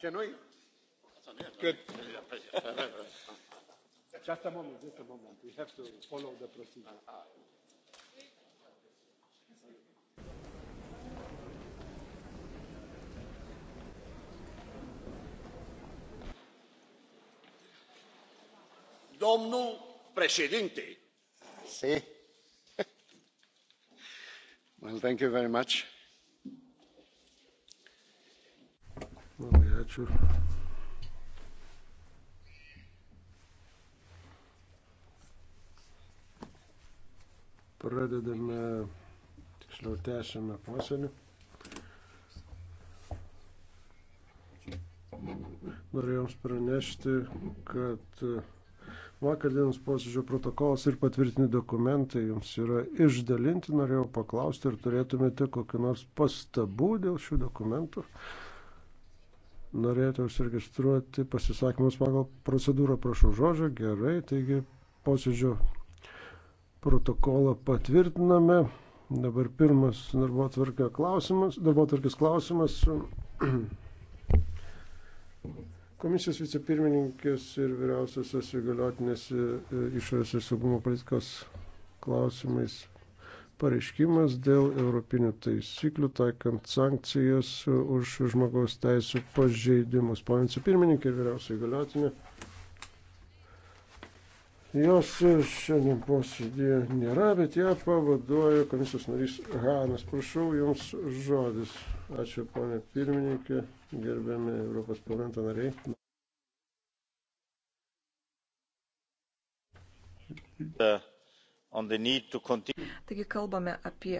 Can we? Good. just a moment, just a moment. We have to follow the procedure. Domnul președinte. Si. well, thank you very much. Ačiū. Pradedame, tiksliau tęsiame posėdį. Norėjau jums pranešti, kad vakar dienos posėdžio protokolas ir patvirtini dokumentai jums yra išdalinti. Norėjau paklausti, ar turėtumėte kokį nors pastabų dėl šių dokumentų norėjote užsiregistruoti pasisakymus pagal procedūrą, prašau žodžio, gerai, taigi posėdžio protokolą patvirtiname. Dabar pirmas darbo tvarkės klausimas. Darbo tvarkės klausimas. Komisijos vicepirmininkės ir vyriausiosios įgaliotinės e, e, išorės ir saugumo politikos klausimais pareiškimas dėl europinių taisyklių taikant sankcijas už žmogaus teisų pažeidimus. Pane vicepirmininkė ir vyriausiai galiotinė. Jos šiandien posėdėje nėra, bet ją pavaduoja komisijos narys Hanas. Prašau Jums žodis. Ačiū, ponė pirmininkė, gerbiami Europos parlamento nariai. Uh. Taigi kalbame apie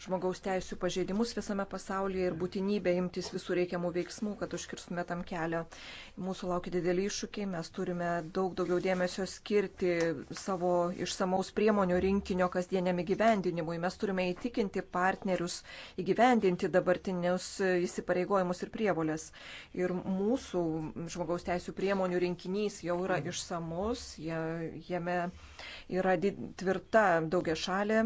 žmogaus teisų pažeidimus visame pasaulyje ir būtinybę imtis visų reikiamų veiksmų, kad užkirstume tam kelią. Mūsų laukia dideli iššūkiai, mes turime daug daugiau dėmesio skirti savo išsamaus priemonių rinkinio kasdieniam įgyvendinimui. Mes turime įtikinti partnerius įgyvendinti dabartinius įsipareigojimus ir prievolės. Ir mūsų žmogaus teisų priemonių rinkinys jau yra išsamus, jame yra tvirtas tvirta daugia šalė,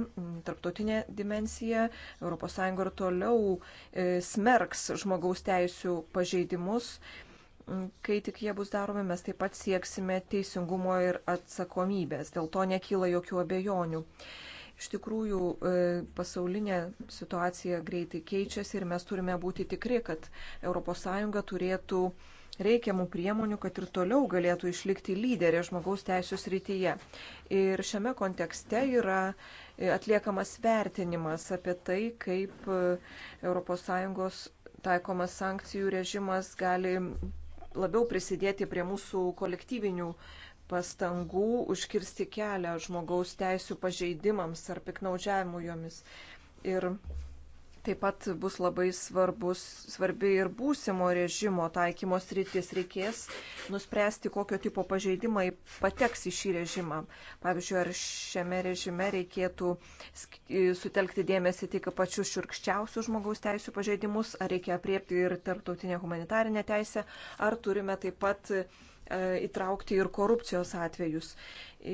tarptautinė dimensija. ES ir toliau e, smerks žmogaus teisų pažeidimus. Kai tik jie bus daromi, mes taip pat sieksime teisingumo ir atsakomybės. Dėl to nekyla jokių abejonių iš tikrųjų e, pasaulinė situacija greitai keičiasi ir mes turime būti tikri, kad ES turėtų reikiamų priemonių, kad ir toliau galėtų išlikti lyderė žmogaus teisų srityje. Ir šiame kontekste yra e, atliekamas vertinimas apie tai, kaip ES taikomas sankcijų režimas gali labiau prisidėti prie mūsų kolektyvinių pastangų užkirsti kelią žmogaus teisų pažeidimams ar piknaudžiavimų jomis. Ir Taip pat bus labai svarbus, svarbi ir būsimo režimo taikymos rytis reikės nuspręsti, kokio tipo pažeidimai pateks į šį režimą. Pavyzdžiui, ar šiame režime reikėtų sutelkti dėmesį tik pačius širkščiausius žmogaus teisų pažeidimus, ar reikia apriepti ir tarptautinę humanitarinę teisę, ar turime taip pat e, įtraukti ir korupcijos atvejus.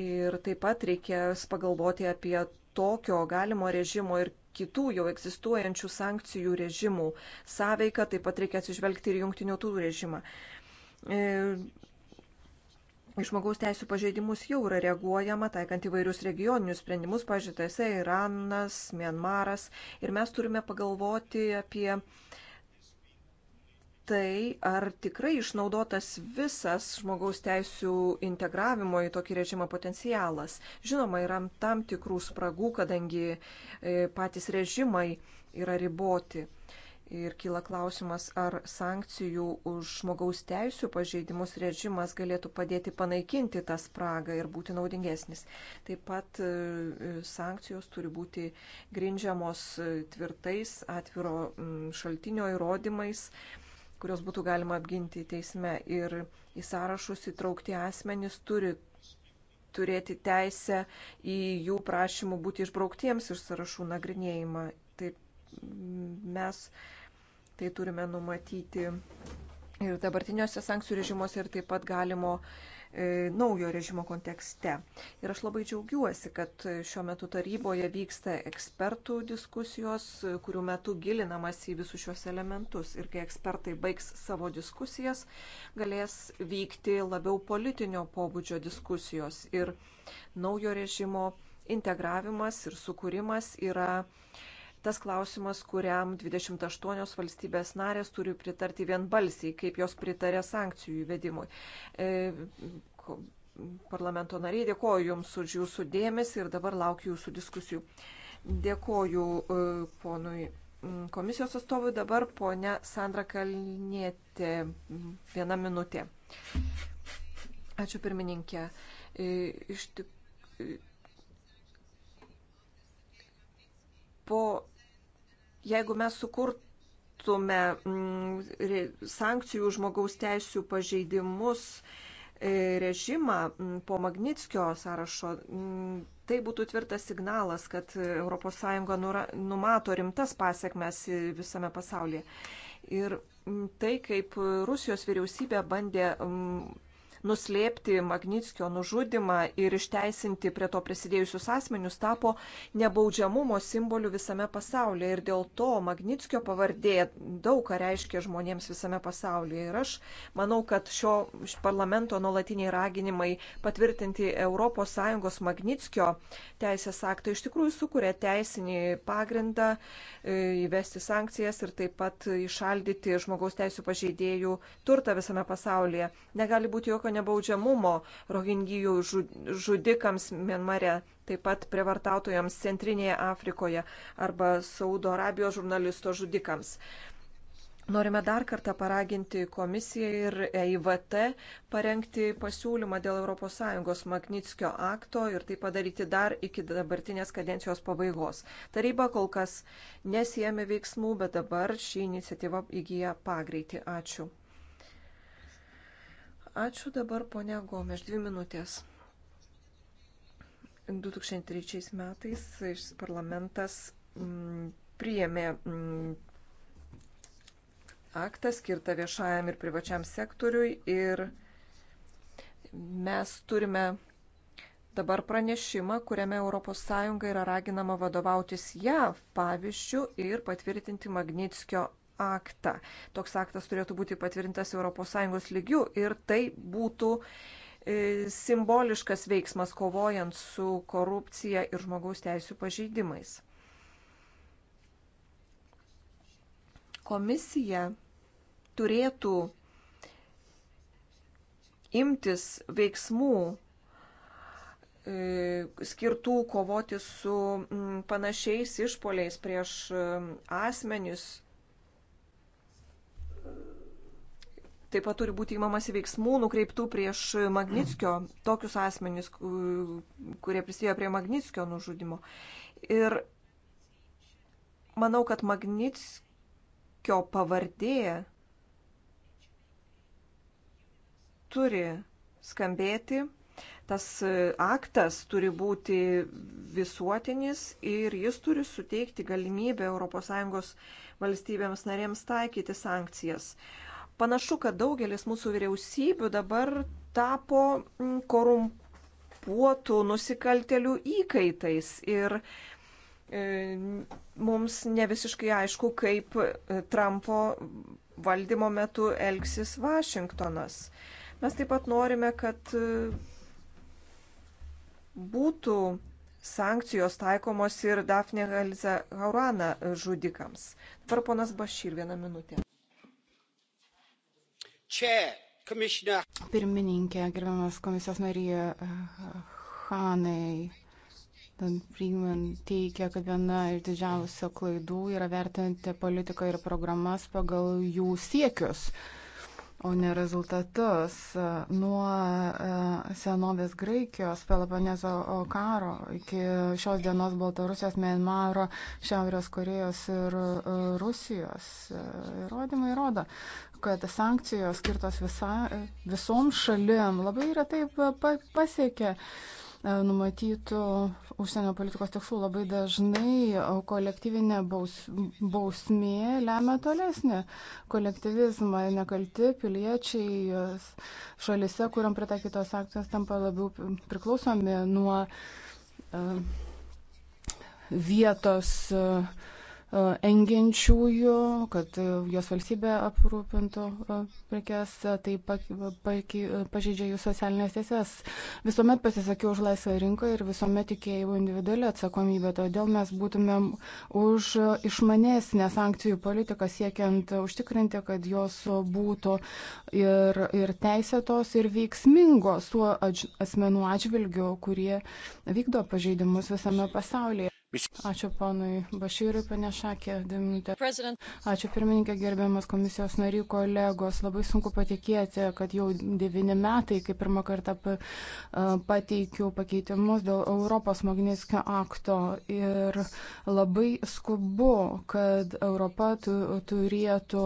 Ir taip pat reikės pagalvoti apie tokio galimo režimo ir kitų jau egzistuojančių sankcijų režimų sąveiką, taip pat reikia atsižvelgti ir jungtinių tautų režimą. Išmogaus e, teisų pažeidimus jau yra reaguojama, taikant įvairius regioninius sprendimus, pažiūrėjose Iranas, Mianmaras. Ir mes turime pagalvoti apie tai, ar tikrai išnaudotas visas žmogaus teisų integravimo į tokį režimą potencialas. Žinoma, yra tam tikrų spragų, kadangi e, patys režimai yra riboti. Ir kyla klausimas, ar sankcijų už žmogaus teisų pažeidimus režimas galėtų padėti panaikinti tą spragą ir būti naudingesnis. Taip pat e, sankcijos turi būti grindžiamos e, tvirtais atviro šaltinio įrodymais kurios būtų galima apginti teisme. Ir į sąrašus įtraukti asmenys turi turėti teisę į jų prašymų būti išbrauktiems iš sąrašų nagrinėjimą. Tai mes tai turime numatyti ir dabartiniuose sankcijų režimuose, ir taip pat galimo E, naujo režimo kontekste. Ir aš labai džiaugiuosi, kad šiuo metu taryboje vyksta ekspertų diskusijos, kurių metu gilinamas į visus šios elementus. Ir kai ekspertai baigs savo diskusijas, galės vykti labiau politinio pobūdžio diskusijos. Ir naujo režimo integravimas ir sukūrimas yra tas klausimas, kuriam 28 valstybės narės turi pritarti vienbalsiai, kaip jos pritarė sankcijų įvedimui. E, parlamento nariai, dėkoju Jums už Jūsų dėmesį ir dabar laukiu Jūsų diskusijų. Dėkoju e, ponui komisijos atstovui, dabar ponia Sandra Kalnietė. Viena minutė. Ačiū pirmininkė. E, iš tik... Po Jeigu mes sukurtume mm, sankcijų žmogaus teisų pažeidimus e, režimą mm, po Magnitskio sąrašo, mm, tai būtų tvirtas signalas, kad ES numato rimtas pasiekmes visame pasaulyje. Ir tai, kaip Rusijos vyriausybė bandė nuslėpti Magnitskio nužudimą ir išteisinti prie to prisidėjusius asmenius tapo nebaudžiamumo simboliu visame pasaulyje. Ir dėl to Magnitskio pavardė daug ką reiškia žmonėms visame pasaulyje. Ir aš manau, kad šio parlamento nuolatiniai raginimai patvirtinti ES Magnitskio teisės aktą iš tikrųjų sukuria teisinį pagrindą e, įvesti sankcijas ir taip pat išaldyti žmogaus teisų pažeidėjų turtą visame pasaulyje. Negali būti jokio jokio nebaudžiamumo rohingijų žudikams Mienmare, taip pat prievartautojams Centrinėje Afrikoje arba Saudo Arabijos žurnalisto žudikams. Norime dar kartą paraginti komisiją ir EIVT parengti pasiūlymą dėl ES Magnitskio akto ir tai padaryti dar iki dabartinės kadencijos pabaigos. Taryba kol kas nesijėmė veiksmų, bet dabar ši iniciatyva įgyja pagreitį. Ačiū. Ačiū dabar ponia Gomeš, dvi minutės. 2003 metais šis parlamentas m, mm, priėmė m, mm, aktą skirtą viešajam ir privačiam sektoriui ir mes turime dabar pranešimą, kuriame ES yra raginama vadovautis JAV pavyzdžių ir patvirtinti Magnitskio aktą. Toks aktas turėtų būti patvirtintas ES lygių ir tai būtų e, simboliškas veiksmas kovojant su korupcija ir žmogaus teisų pažeidimais. Komisija turėtų imtis veiksmų e, skirtų kovoti su panašiais išpoliais prieš asmenis, Taip pat turi būti įmamasi veiksmų nukreiptų prieš Magnitskio, tokius asmenys, kurie prisidėjo prie Magnitskio nužudimo. Ir manau, kad Magnitskio pavardė turi skambėti, tas aktas turi būti visuotinis ir jis turi suteikti galimybę ES valstybėms narėms taikyti sankcijas. Panašu, kad daugelis mūsų vyriausybių dabar tapo mm, korumpuotų nusikaltelių įkaitais ir e, mums ne visiškai aišku, kaip e, Trumpo valdymo metu elgsis Vašingtonas. Mes taip pat norime, kad e, būtų sankcijos taikomos ir Dafne Galiza Haurana žudikams. Dabar ponas Bašyr vieną minutę. Pirmininkė, gerbiamas komisijos narė eh, Hanai. Freeman teigia, kad viena iš didžiausių klaidų yra vertinti politiką ir programas pagal jų siekius. Uh, o ne rezultatus. Nuo e, senovės Graikijos, Peloponezo karo iki šios dienos Baltarusijos, Mienmaro, Šiaurės Korejos ir e, Rusijos e, įrodymai rodo, kad sankcijos skirtos visa, visom šalim labai retai pasiekia E, numatytų užsienio politikos tikslų. Labai dažnai e, kolektyvinė baus, bausmė lemia tolesnį kolektyvizmą. Nekalti piliečiai e, šalise, kuriam pritaikytos akcijos tampa labiau priklausomi nuo vietos. Uh, engiančiųjų, kad jos valstybė aprūpintų e, prekes, e, tai pažydžia jų socialinės tieses. Visuomet pasisakiau už laisvą rinką ir visuomet tikėjau individualią atsakomybę, todėl mes būtumėm už išmanesnę sankcijų politiką siekiant užtikrinti, kad jos būtų ir, ir teisėtos, ir veiksmingos tuo asmenų atžvilgiu, kurie vykdo pažeidimus visame pasaulyje. Ačiū ponui Bašyrui, panešakė, dvi minutės. Ačiū pirmininkė, gerbiamas komisijos narių kolegos. Labai sunku patikėti, kad jau devyni metai, kai pirmą kartą pateikiu pakeitimus dėl Europos Magnitskio akto. Ir labai skubu, kad Europa turėtų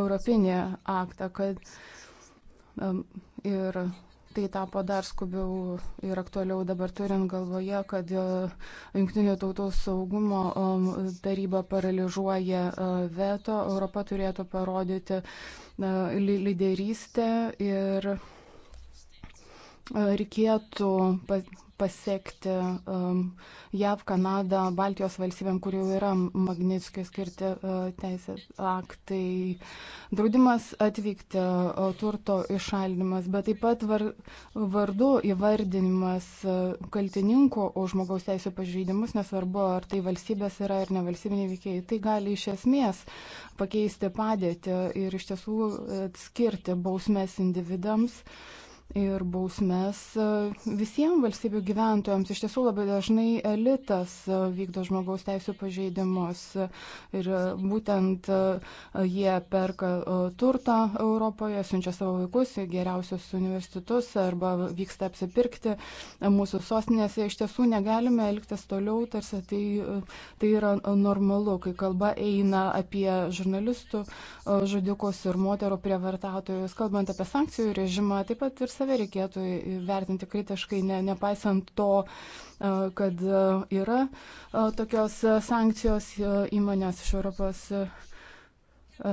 Europinį aktą, kad ir tai tapo dar skubiau ir aktualiau dabar turint galvoje, kad e, Junktinių tautų saugumo um, taryba paralyžuoja e, veto, Europa turėtų parodyti e, lyderystę ir reikėtų pasiekti um, JAV, Kanadą, Baltijos valstybėm, kur jau yra Magnitskiai skirti uh, teisės aktai, draudimas atvykti, uh, turto išaldimas, bet taip pat var, vardu įvardinimas uh, kaltininko už žmogaus teisų pažeidimus, nesvarbu, ar tai valstybės yra ar nevalstybiniai veikėjai, tai gali iš esmės pakeisti padėtį ir iš tiesų uh, atskirti bausmės individams. Uh, ir bausmes e, visiems valstybių gyventojams. Iš tiesų labai dažnai elitas e, vykdo žmogaus teisų pažeidimus ir e, būtent jie perka turtą Europoje, siunčia savo vaikus į geriausius universitetus arba vyksta apsipirkti mūsų sostinėse. Iš tiesų negalime elgtis toliau, tarsi tai, tai yra normalu, kai kalba eina apie žurnalistų žudikus ir moterų prievartautojus, kalbant apie sankcijų režimą, taip pat ir savęs save reikėtų vertinti kritiškai, ne, nepaisant to, e, kad e, yra e, tokios sankcijos įmonės iš Europos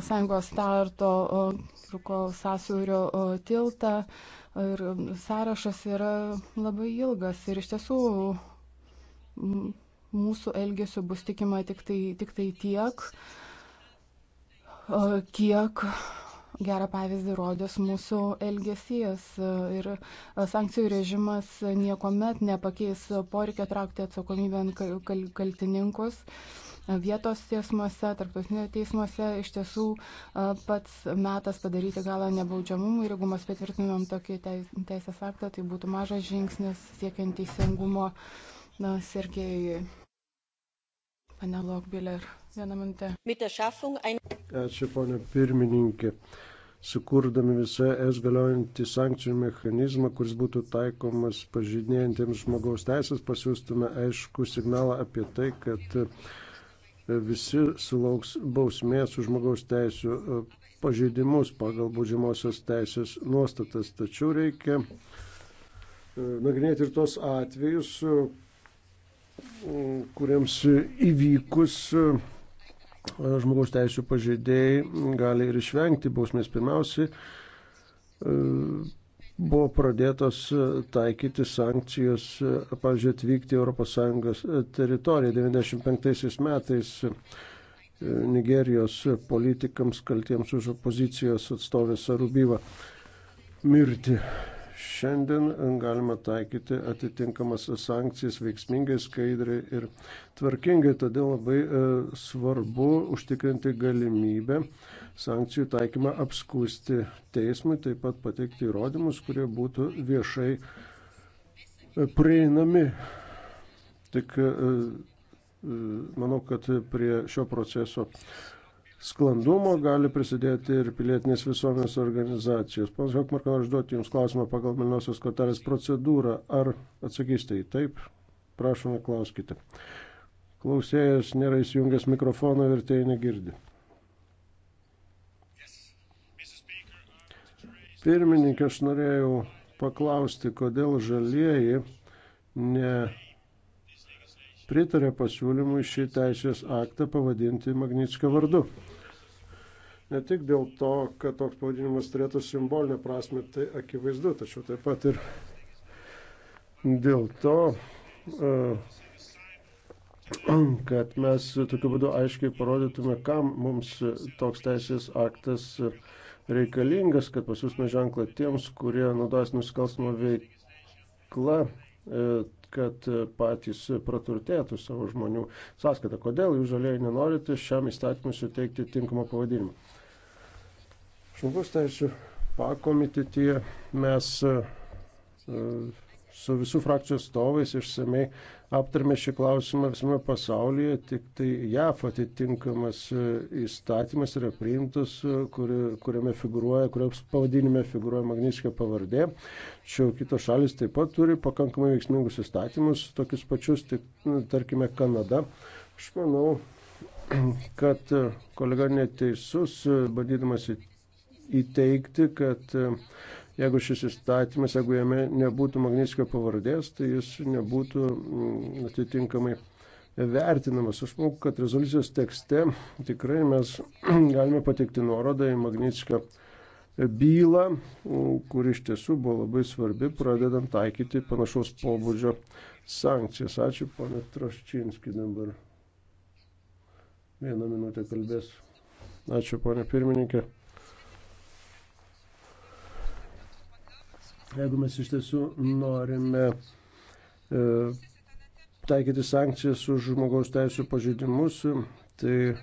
Sąjungos starto, truko sąsiaurio tiltą ir sąrašas yra labai ilgas ir iš tiesų mūsų elgesiu bus tikima tik tai, tik tai tiek, kiek gerą pavyzdį rodės mūsų elgesys ir sankcijų režimas niekuomet nepakeis poreikio traukti atsakomybę ant kaltininkus. Vietos teismuose, tarptautinio teismuose iš tiesų pats metas padaryti galą nebaudžiamumui ir jeigu mes patvirtinam tokį teisės aktą, tai būtų mažas žingsnis siekiant teisingumo Sergejui. Pane Lokbiller, vieną minutę. Ačiū, ponė pirmininkė. Sukūrdami visą es galiojantį sankcijų mechanizmą, kuris būtų taikomas pažydinėjantiems žmogaus teisės, pasiūstume aišku signalą apie tai, kad e, visi sulauks bausmės už žmogaus teisų e, pažeidimus pagal būdžiamosios teisės nuostatas. Tačiau reikia e, nagrinėti ir tos atvejus, kuriems įvykus e, žmogaus teisų pažeidėjai gali ir išvengti bausmės. Pirmiausiai e, buvo pradėtos e, taikyti sankcijos, pavyzdžiui, atvykti ES teritoriją 95 metais Nigerijos politikams kaltiems už opozicijos atstovės Arubybą mirti šiandien galima taikyti atitinkamas sankcijas veiksmingai, skaidriai ir tvarkingai. Todėl labai e, svarbu užtikrinti galimybę sankcijų taikymą apskūsti teismui, taip pat pateikti įrodymus, kurie būtų viešai e, prieinami. Tik e, manau, kad prie šio proceso sklandumo gali prisidėti ir pilietinės visuomenės organizacijos. Pons Hokmark, noriu užduoti Jums klausimą pagal Milnosios kortelės procedūrą. Ar atsakysite į taip? Prašome, klauskite. Klausėjas nėra įsijungęs mikrofoną, vertėjai negirdi. Pirmininkė, aš norėjau paklausti, kodėl žalieji nepritarė pasiūlymui šį teisės aktą pavadinti Magnitskio vardu ne tik dėl to, kad toks pavadinimas turėtų simbolinę prasme, tai akivaizdu, tačiau taip pat ir dėl to, e, kad mes tokiu būdu aiškiai parodytume, kam mums toks teisės aktas reikalingas, kad pasiūsime ženklą tiems, kurie naudojas nusikalstamo veikla, e, kad patys praturtėtų savo žmonių sąskaitą. Kodėl jūs žalėjai nenorite šiam įstatymui suteikti tinkamą pavadinimą? Žmogus teisų pakomitetyje mes e, e, su visų frakcijų atstovais išsamei aptarėme šį klausimą visame pasaulyje, tik tai JAF atitinkamas e, įstatymas yra priimtas, kuri, kuriame figuruoja, kurios pavadinime figuruoja Magniškė pavardė. Čia kitos šalis taip pat turi pakankamai veiksmingus įstatymus, tokius pačius, tik, nu, tarkime, Kanada. Aš manau, kad kolega neteisus, bandydamas įtikinti įteikti, kad e, jeigu šis įstatymas, jeigu jame nebūtų Magnitskio pavardės, tai jis nebūtų mm, atitinkamai vertinamas. Aš manau, kad rezoliucijos tekste tikrai mes galime pateikti nuorodą į Magnitskio bylą, kuri iš tiesų buvo labai svarbi, pradedant taikyti panašaus pobūdžio sankcijas. Ačiū, ponė Traščinski, dabar vieną minutę kalbės. Ačiū, ponė pirmininkė. Jeigu mes iš tiesų norime e, taikyti sankcijas už žmogaus teisų pažeidimus, tai e,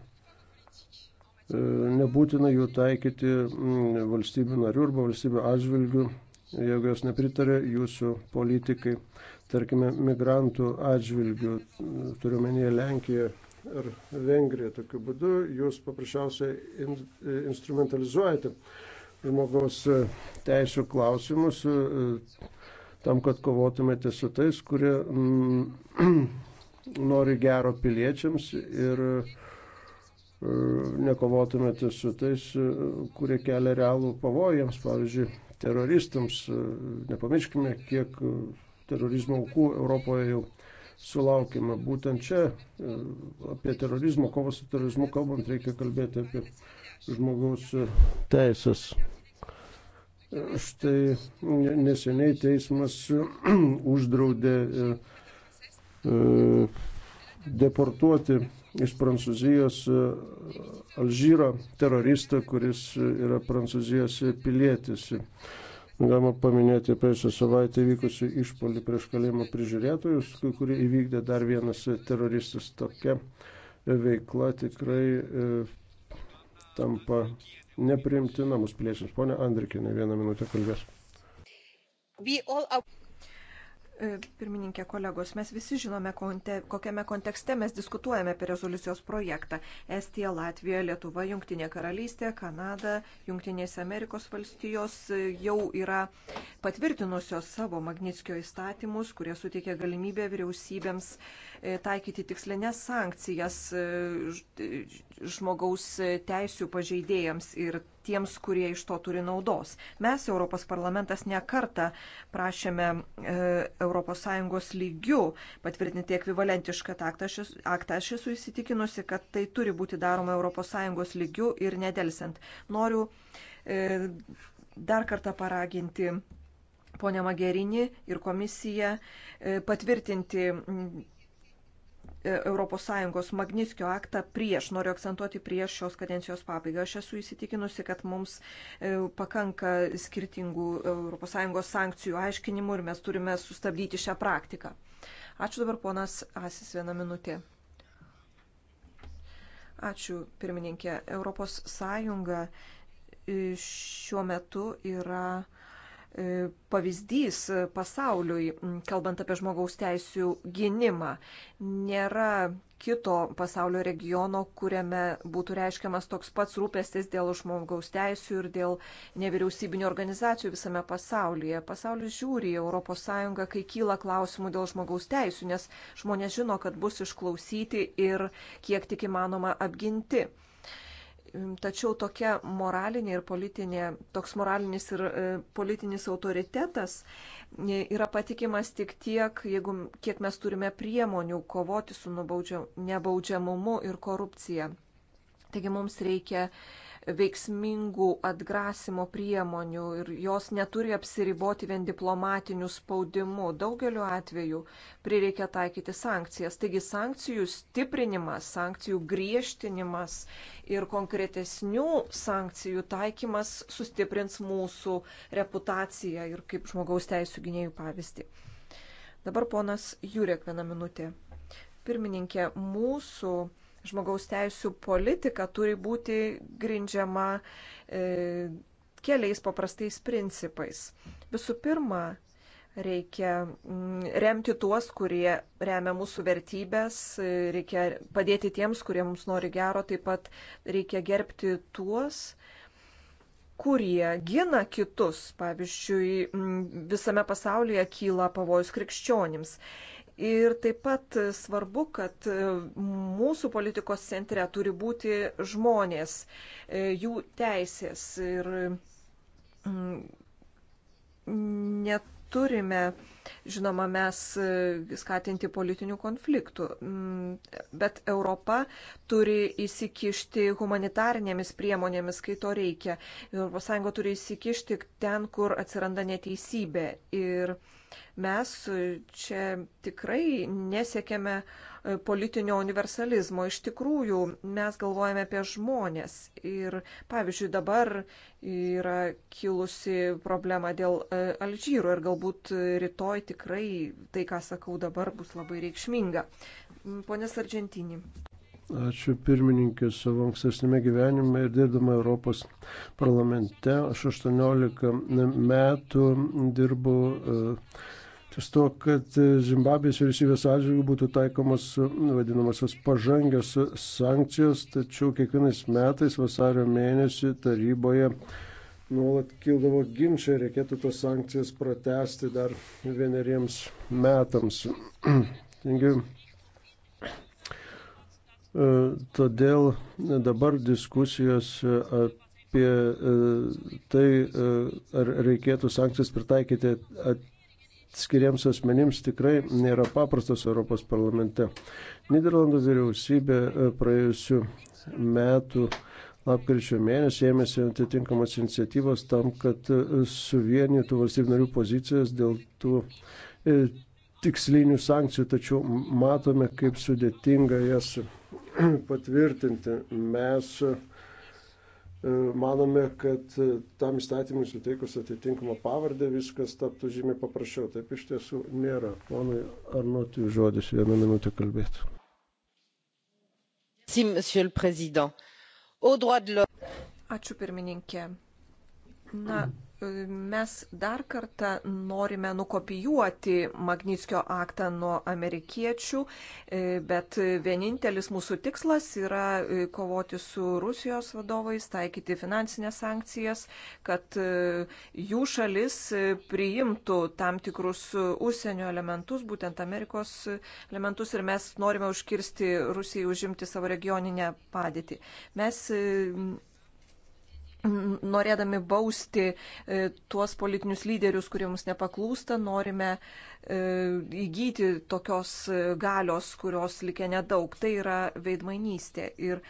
nebūtina jų taikyti valstybių narių arba valstybių atžvilgių, jeigu jos nepritarė jūsų politikai, tarkime, migrantų atžvilgių, turiuomenėje Lenkiją ar Vengriją. Tokiu būdu jūs paprasčiausiai in, instrumentalizuojate žmogaus e, teisų klausimus, e, tam, kad kovotumėte su tais, kurie mm, nori gero piliečiams ir e, nekovotumėte su tais, kurie kelia realų pavojams, pavyzdžiui, teroristams. Nepamirškime, kiek terorizmo aukų Europoje jau sulaukime. Būtent čia apie terorizmą, kovą su terorizmu kalbant, reikia kalbėti apie žmogaus teisės. Štai neseniai teismas uždraudė e, e, deportuoti iš Prancūzijos e, Alžyro teroristą, kuris yra Prancūzijos pilietis. Galima paminėti praėjusią savaitę vykusių išpolį prieš kalėjimo prižiūrėtojus, kurį įvykdė dar vienas teroristas. Tokia veikla tikrai tampa neprimtina mūsų piliečiams. Pone Andrikė, ne vieną minutę kalbės. E, pirmininkė kolegos, mes visi žinome, konte, kokiame kontekste mes diskutuojame apie rezoliucijos projektą. Estija, Latvija, Lietuva, Junktinė karalystė, Kanada, Junktinės Amerikos valstijos e, jau yra patvirtinusios savo Magnitskio įstatymus, kurie suteikia galimybę vyriausybėms e, taikyti tikslinės sankcijas žmogaus teisų pažeidėjams ir tiems, kurie iš to turi naudos. Mes, Europos parlamentas, nekarta prašėme ES lygių patvirtinti ekvivalentišką aktą. Aš, aktą. Aš esu įsitikinusi, kad tai turi būti daroma ES lygių ir nedelsiant. Noriu e, dar kartą paraginti ponę Magerinį ir komisiją e, patvirtinti ES Magnitskio aktą prieš, noriu akcentuoti prieš šios kadencijos pabaigą. Aš esu įsitikinusi, kad mums e, pakanka skirtingų ES sankcijų aiškinimų ir mes turime sustabdyti šią praktiką. Ačiū dabar ponas Asis vieną minutę. Ačiū pirmininkė. ES e, šiuo metu yra E, pavyzdys pasauliui, kalbant apie žmogaus teisų gynimą. Nėra kito pasaulio regiono, kuriame būtų reiškiamas toks pats rūpestis dėl žmogaus teisų ir dėl nevyriausybinio organizacijų visame pasaulyje. Pasaulis žiūri į ES, kai kyla klausimų dėl žmogaus teisų, nes žmonės žino, kad bus išklausyti ir kiek tik įmanoma apginti. Tačiau tokia moralinė ir politinė, toks moralinis ir e, politinis autoritetas e, yra patikimas tik tiek, jeigu, kiek mes turime priemonių kovoti su nebaudžiamumu ir korupcija. Taigi mums reikia uh, veiksmingų atgrasimo priemonių ir jos neturi apsiriboti vien diplomatiniu spaudimu. Daugeliu atveju prireikia taikyti sankcijas. Taigi sankcijų stiprinimas, sankcijų griežtinimas ir konkretesnių sankcijų taikymas sustiprins mūsų reputaciją ir kaip žmogaus teisų gynėjų pavyzdį. Dabar ponas Jurek vieną minutę. Pirmininkė, mūsų žmogaus teisų politika turi būti grindžiama e, keliais paprastais principais. Visų pirma, reikia mm, remti tuos, kurie remia mūsų vertybės, e, reikia padėti tiems, kurie mums nori gero, taip pat reikia gerbti tuos, kurie gina kitus. Pavyzdžiui, mm, visame pasaulyje kyla pavojus krikščionims. Ir taip pat svarbu, kad mūsų politikos centre turi būti žmonės, e, jų teisės. Ir mm, neturime, žinoma, mes e, skatinti politinių konfliktų. Mm, bet Europa turi įsikišti humanitarinėmis priemonėmis, kai to reikia. ES turi įsikišti ten, kur atsiranda neteisybė. Ir Mes e, čia tikrai nesiekėme e, politinio universalizmo. Iš tikrųjų, mes galvojame apie žmonės. Ir, pavyzdžiui, dabar yra kilusi problema dėl e, Alžyro ir galbūt rytoj tikrai tai, ką sakau dabar, bus labai reikšminga. Pone Sargentinį. Ačiū pirmininkė savo ankstesnėme gyvenime ir dirbdama Europos parlamente. Aš 18 metų dirbau e, ties to, kad Zimbabvės vyriausybės atžvilgių būtų taikomos vadinamosios pažangios sankcijos, tačiau kiekvienais metais vasario mėnesį taryboje nuolat kildavo ginčiai, reikėtų tas sankcijas pratesti dar vieneriems metams. Taigi, E, todėl dabar diskusijos apie e, tai, e, ar reikėtų sankcijas pritaikyti atskiriems asmenims, tikrai nėra paprastas Europos parlamente. Niderlandų vyriausybė praėjusiu metu lapkričio mėnesį ėmėsi atitinkamos iniciatyvos tam, kad suvienytų valstybių narių pozicijas dėl tų tikslinių sankcijų, tačiau matome, kaip sudėtinga jas patvirtinti. Mes e, manome, kad tam įstatymui suteikus atitinkamą pavardę viskas taptų žymiai paprasčiau. Taip iš tiesų nėra. Ponui Arnotui žodis vieną minutę kalbėti. Ačiū pirmininkė. Na, Mes dar kartą norime nukopijuoti Magnitskio aktą nuo amerikiečių, e, bet vienintelis mūsų tikslas yra e, kovoti su Rusijos vadovais, taikyti finansinės sankcijas, kad e, jų šalis priimtų tam tikrus užsienio elementus, būtent Amerikos elementus, ir mes norime užkirsti Rusijai užimti savo regioninę padėtį. Mes norėdami bausti e, tuos politinius lyderius, kurie mums nepaklūsta, norime e, įgyti tokios e, galios, kurios likė nedaug. Tai yra veidmainystė. Ir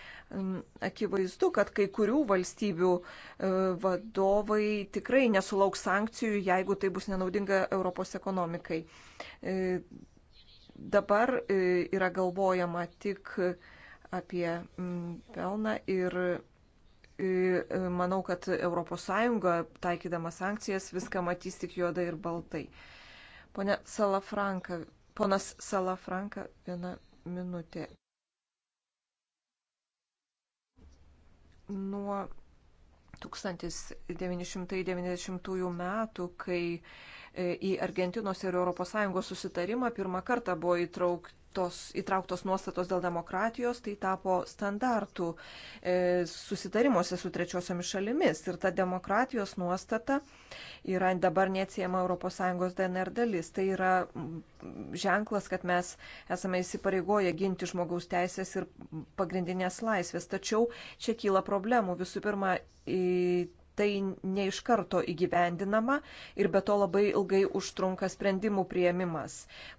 akivaizdu, kad kai kurių valstybių vadovai tikrai nesulauks sankcijų, jeigu tai bus nenaudinga Europos ekonomikai. Dabar yra galvojama tik apie pelną ir E, e, manau, kad ES, taikydama sankcijas, viską matys tik juodai ir baltai. Pone Salafranka, ponas Salafranka, viena minutė. Nuo 1990 metų, kai e, į Argentinos ir ES susitarimą pirmą kartą buvo įtraukti tos įtrauktos nuostatos dėl demokratijos, tai tapo standartų e, susitarimuose su trečiosiomis šalimis. Ir ta demokratijos nuostata yra dabar neatsiema ES DNR dalis. Tai yra ženklas, kad mes esame įsipareigoję ginti žmogaus teisės ir pagrindinės laisvės. Tačiau čia kyla problemų. Visų pirma, tai ne iš karto įgyvendinama ir be to labai ilgai užtrunka sprendimų prieimimas.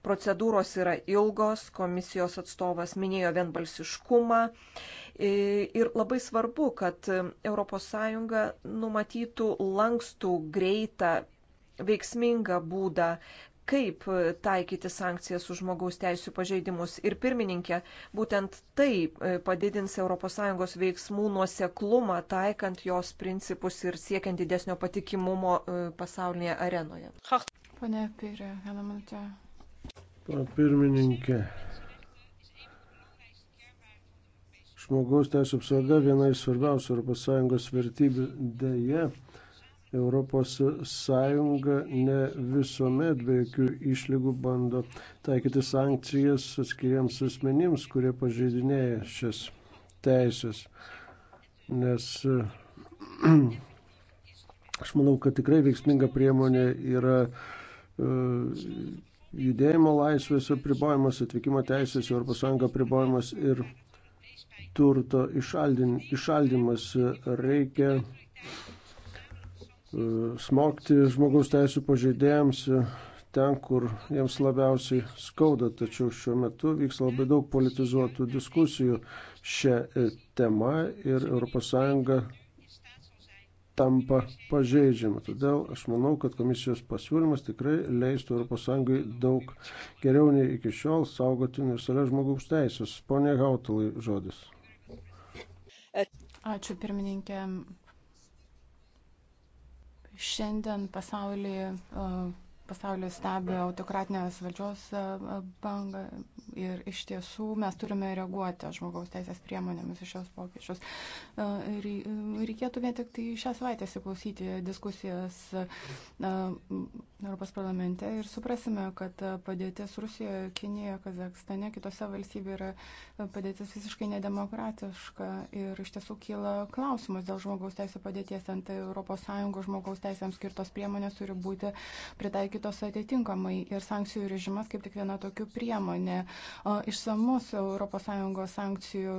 Procedūros yra ilgos, komisijos atstovas minėjo vienbalsiškumą e, ir labai svarbu, kad ES numatytų lankstų, greitą, veiksmingą būdą, kaip e, taikyti sankcijas už žmogaus teisų pažeidimus. Ir pirmininkė, būtent tai e, padidins ES veiksmų nuoseklumą, taikant jos principus ir siekiant didesnio patikimumo e, pasaulinėje arenoje. Pane Pirė, vieną minutę. Pane pirmininkė. Žmogaus teisų apsauga viena iš svarbiausių ES vertybių dėje. Yeah Europos Sąjunga ne visuomet be jokių išlygų bando taikyti sankcijas atskiriems asmenims, kurie pažeidinėja šias teisės. Nes aš manau, kad tikrai veiksminga priemonė yra e, judėjimo laisvės apribojimas, atvykimo teisės, Europos Sąjunga apribojimas ir turto išaldimas. Reikia smogti žmogaus teisų pažeidėjams ten, kur jiems labiausiai skauda. Tačiau šiuo metu vyks labai daug politizuotų diskusijų šią e, temą ir ES tampa pažeidžiama. Todėl aš manau, kad komisijos pasiūlymas tikrai leistų ES daug geriau nei iki šiol saugoti universalias žmogaus teisės. Pone Gautalai žodis. Ačiū pirmininkė šiandien pasaulyje pasaulis stebi autokratinės valdžios e, e, bangą ir iš tiesų mes turime reaguoti žmogaus teisės priemonėmis iš šios pokyčius. E, reikėtų vien tik tai šią savaitę įsiklausyti diskusijas Europos parlamente ir suprasime, kad padėtis Rusijoje, Kinijoje, Kazakstane, kitose valstybėje yra padėtis visiškai nedemokratiška ir iš tiesų kyla klausimas dėl žmogaus teisų padėties ant ES žmogaus teisėms skirtos priemonės turi būti pritaikytos numatytos atitinkamai ir sankcijų režimas kaip tik viena tokių priemonė. Išsamus ES sankcijų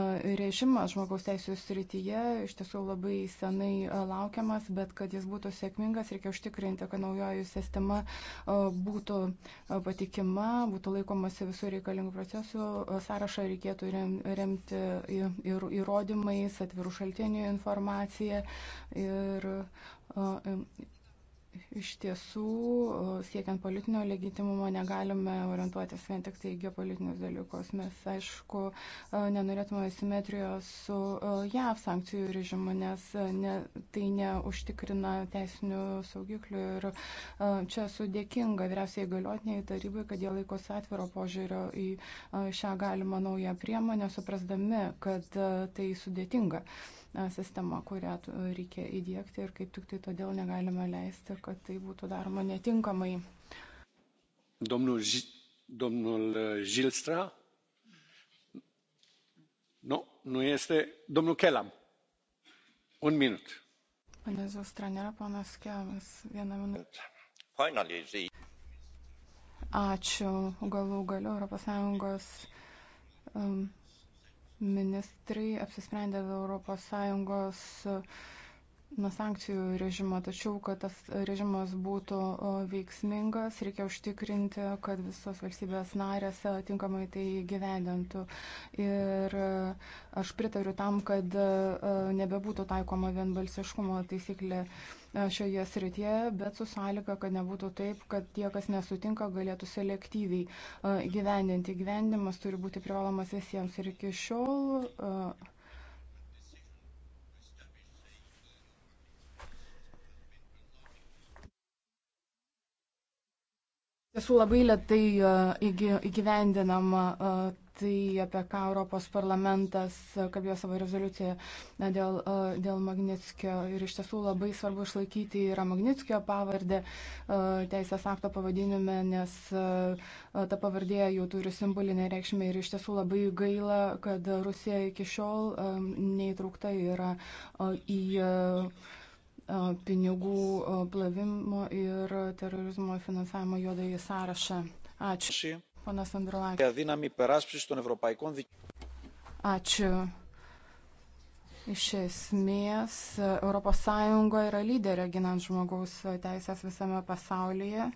e, režimas žmogaus teisų srityje iš tiesų labai senai e, laukiamas, bet kad jis būtų sėkmingas, reikia užtikrinti, kad naujoji sistema e, būtų patikima, būtų laikomasi visų reikalingų procesų, sąrašą reikėtų remti įrodymais, atvirų šaltinių informaciją ir Iš tiesų, siekiant politinio legitimumo, negalime orientuotis vien tik tai geopolitinius dalykus. Mes, aišku, nenorėtume simetrijos su JAV sankcijų režimu, nes ne, tai neužtikrina teisinių saugiklių. Ir čia esu dėkinga vyriausiai galiotiniai tarybai, kad jie laikos atviro požiūrio į šią galimą naują priemonę, suprasdami, kad tai sudėtinga sistema, kurią reikia įdėkti ir kaip tik tai todėl negalime leisti, kad tai būtų daroma netinkamai. Domnul, domnul Žilstra? E, no, nu, nu este. Domnul Kelam. Un minut. Pane Zostra, nėra panas Kelamas. Vieną minutę. Finally, the... Ačiū. Galų galiu Europos Sąjungos um, ministrai apsisprendė dėl Europos Sąjungos nuo sankcijų režimo, tačiau, kad tas režimas būtų veiksmingas, reikia užtikrinti, kad visos valstybės narės tinkamai tai gyvendintų. Ir aš pritariu tam, kad nebebūtų taikoma vienbalsiškumo taisyklė šioje srityje, bet su sąlyga, kad nebūtų taip, kad tie, kas nesutinka, galėtų selektyviai gyvendinti. Gyvendimas turi būti privalomas visiems ir iki šiol. Uh, Esu labai lietai e, įgyvendinama e, tai, apie ką Europos parlamentas e, kalbėjo savo rezoliuciją dėl, dėl Magnitskio. Ir iš tiesų labai svarbu išlaikyti yra Magnitskio pavardę teisės akto pavadinime, nes ta pavardė jau turi simbolinę reikšmę. Ir iš tiesų labai gaila, kad Rusija iki šiol neįtraukta yra į pinigų plavimo ir terorizmo finansavimo juodąjį sąrašą. Ačiū. Ponas Andrulakis. Ačiū. Iš esmės, ES yra lyderė ginant žmogaus teisės visame pasaulyje.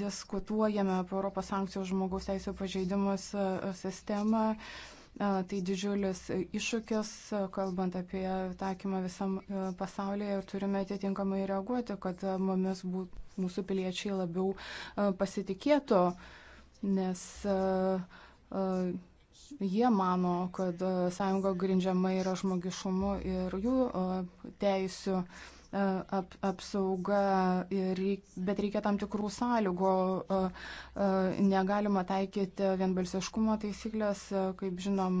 Diskutuojame apie ES sankcijų žmogaus teisų pažeidimus sistemą. Tai didžiulis iššūkis, kalbant apie taikymą visam pasaulyje ir turime atitinkamai reaguoti, kad mumis būtų, mūsų piliečiai labiau pasitikėtų, nes jie mano, kad sąjunga grindžiama yra žmogišumu ir jų teisių E, ap, apsauga, reik, bet reikia tam tikrų sąlygų. E, e, negalima taikyti vienbalsiškumo taisyklės, kaip žinom,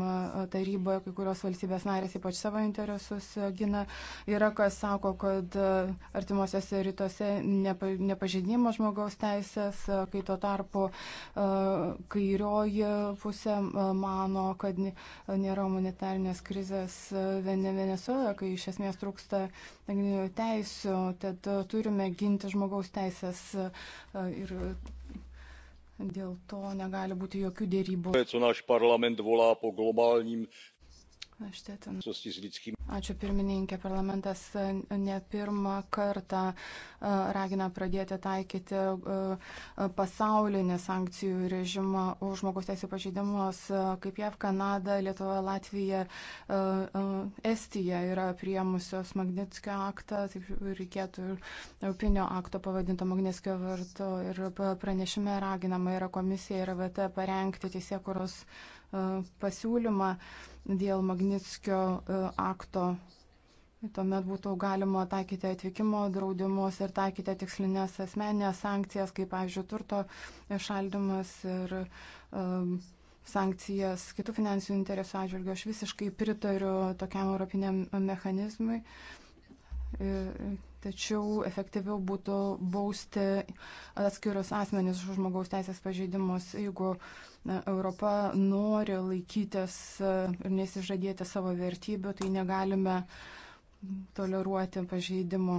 taryboje kai kurios valstybės narės ypač savo interesus gina. Yra kas sako, kad artimuosiuose rytuose nepa, nepažydimo žmogaus teisės, kai tuo tarpu kairioji pusė mano, kad nėra humanitarnės krizės Venezuela, kai iš esmės trūksta teisių, tad e, turime ginti žmogaus teisės e, ir dėl to negali būti jokių dėrybų. Štetin. Ačiū pirmininkė. Parlamentas e, ne pirmą kartą e, ragina pradėti taikyti e, pasaulinį sankcijų režimą už žmogaus teisų pažeidimus, kaip JAV, Kanada, Lietuva, Latvija, Estija yra priemusios Magnitskio aktą, taip reikėtų ir Europinio akto pavadinto Magnitskio vartu. Ir pranešime raginama yra komisija ir VT parengti teisėkuros. Tai E, pasiūlymą dėl Magnitskio e, akto. Tuomet būtų galima taikyti atvykimo draudimus ir taikyti tikslinės asmenės sankcijas, kaip, pavyzdžiui, turto šaldimas ir um, sankcijas kitų finansinių interesų atžvilgių. Aš visiškai pritariu tokiam europiniam mechanizmui. Uh, E, tačiau efektyviau būtų bausti atskirus asmenis už žmogaus teisės pažeidimus, jeigu Europa nori laikytis e, ir nesižadėti savo vertybių, tai negalime toleruoti pažeidimų.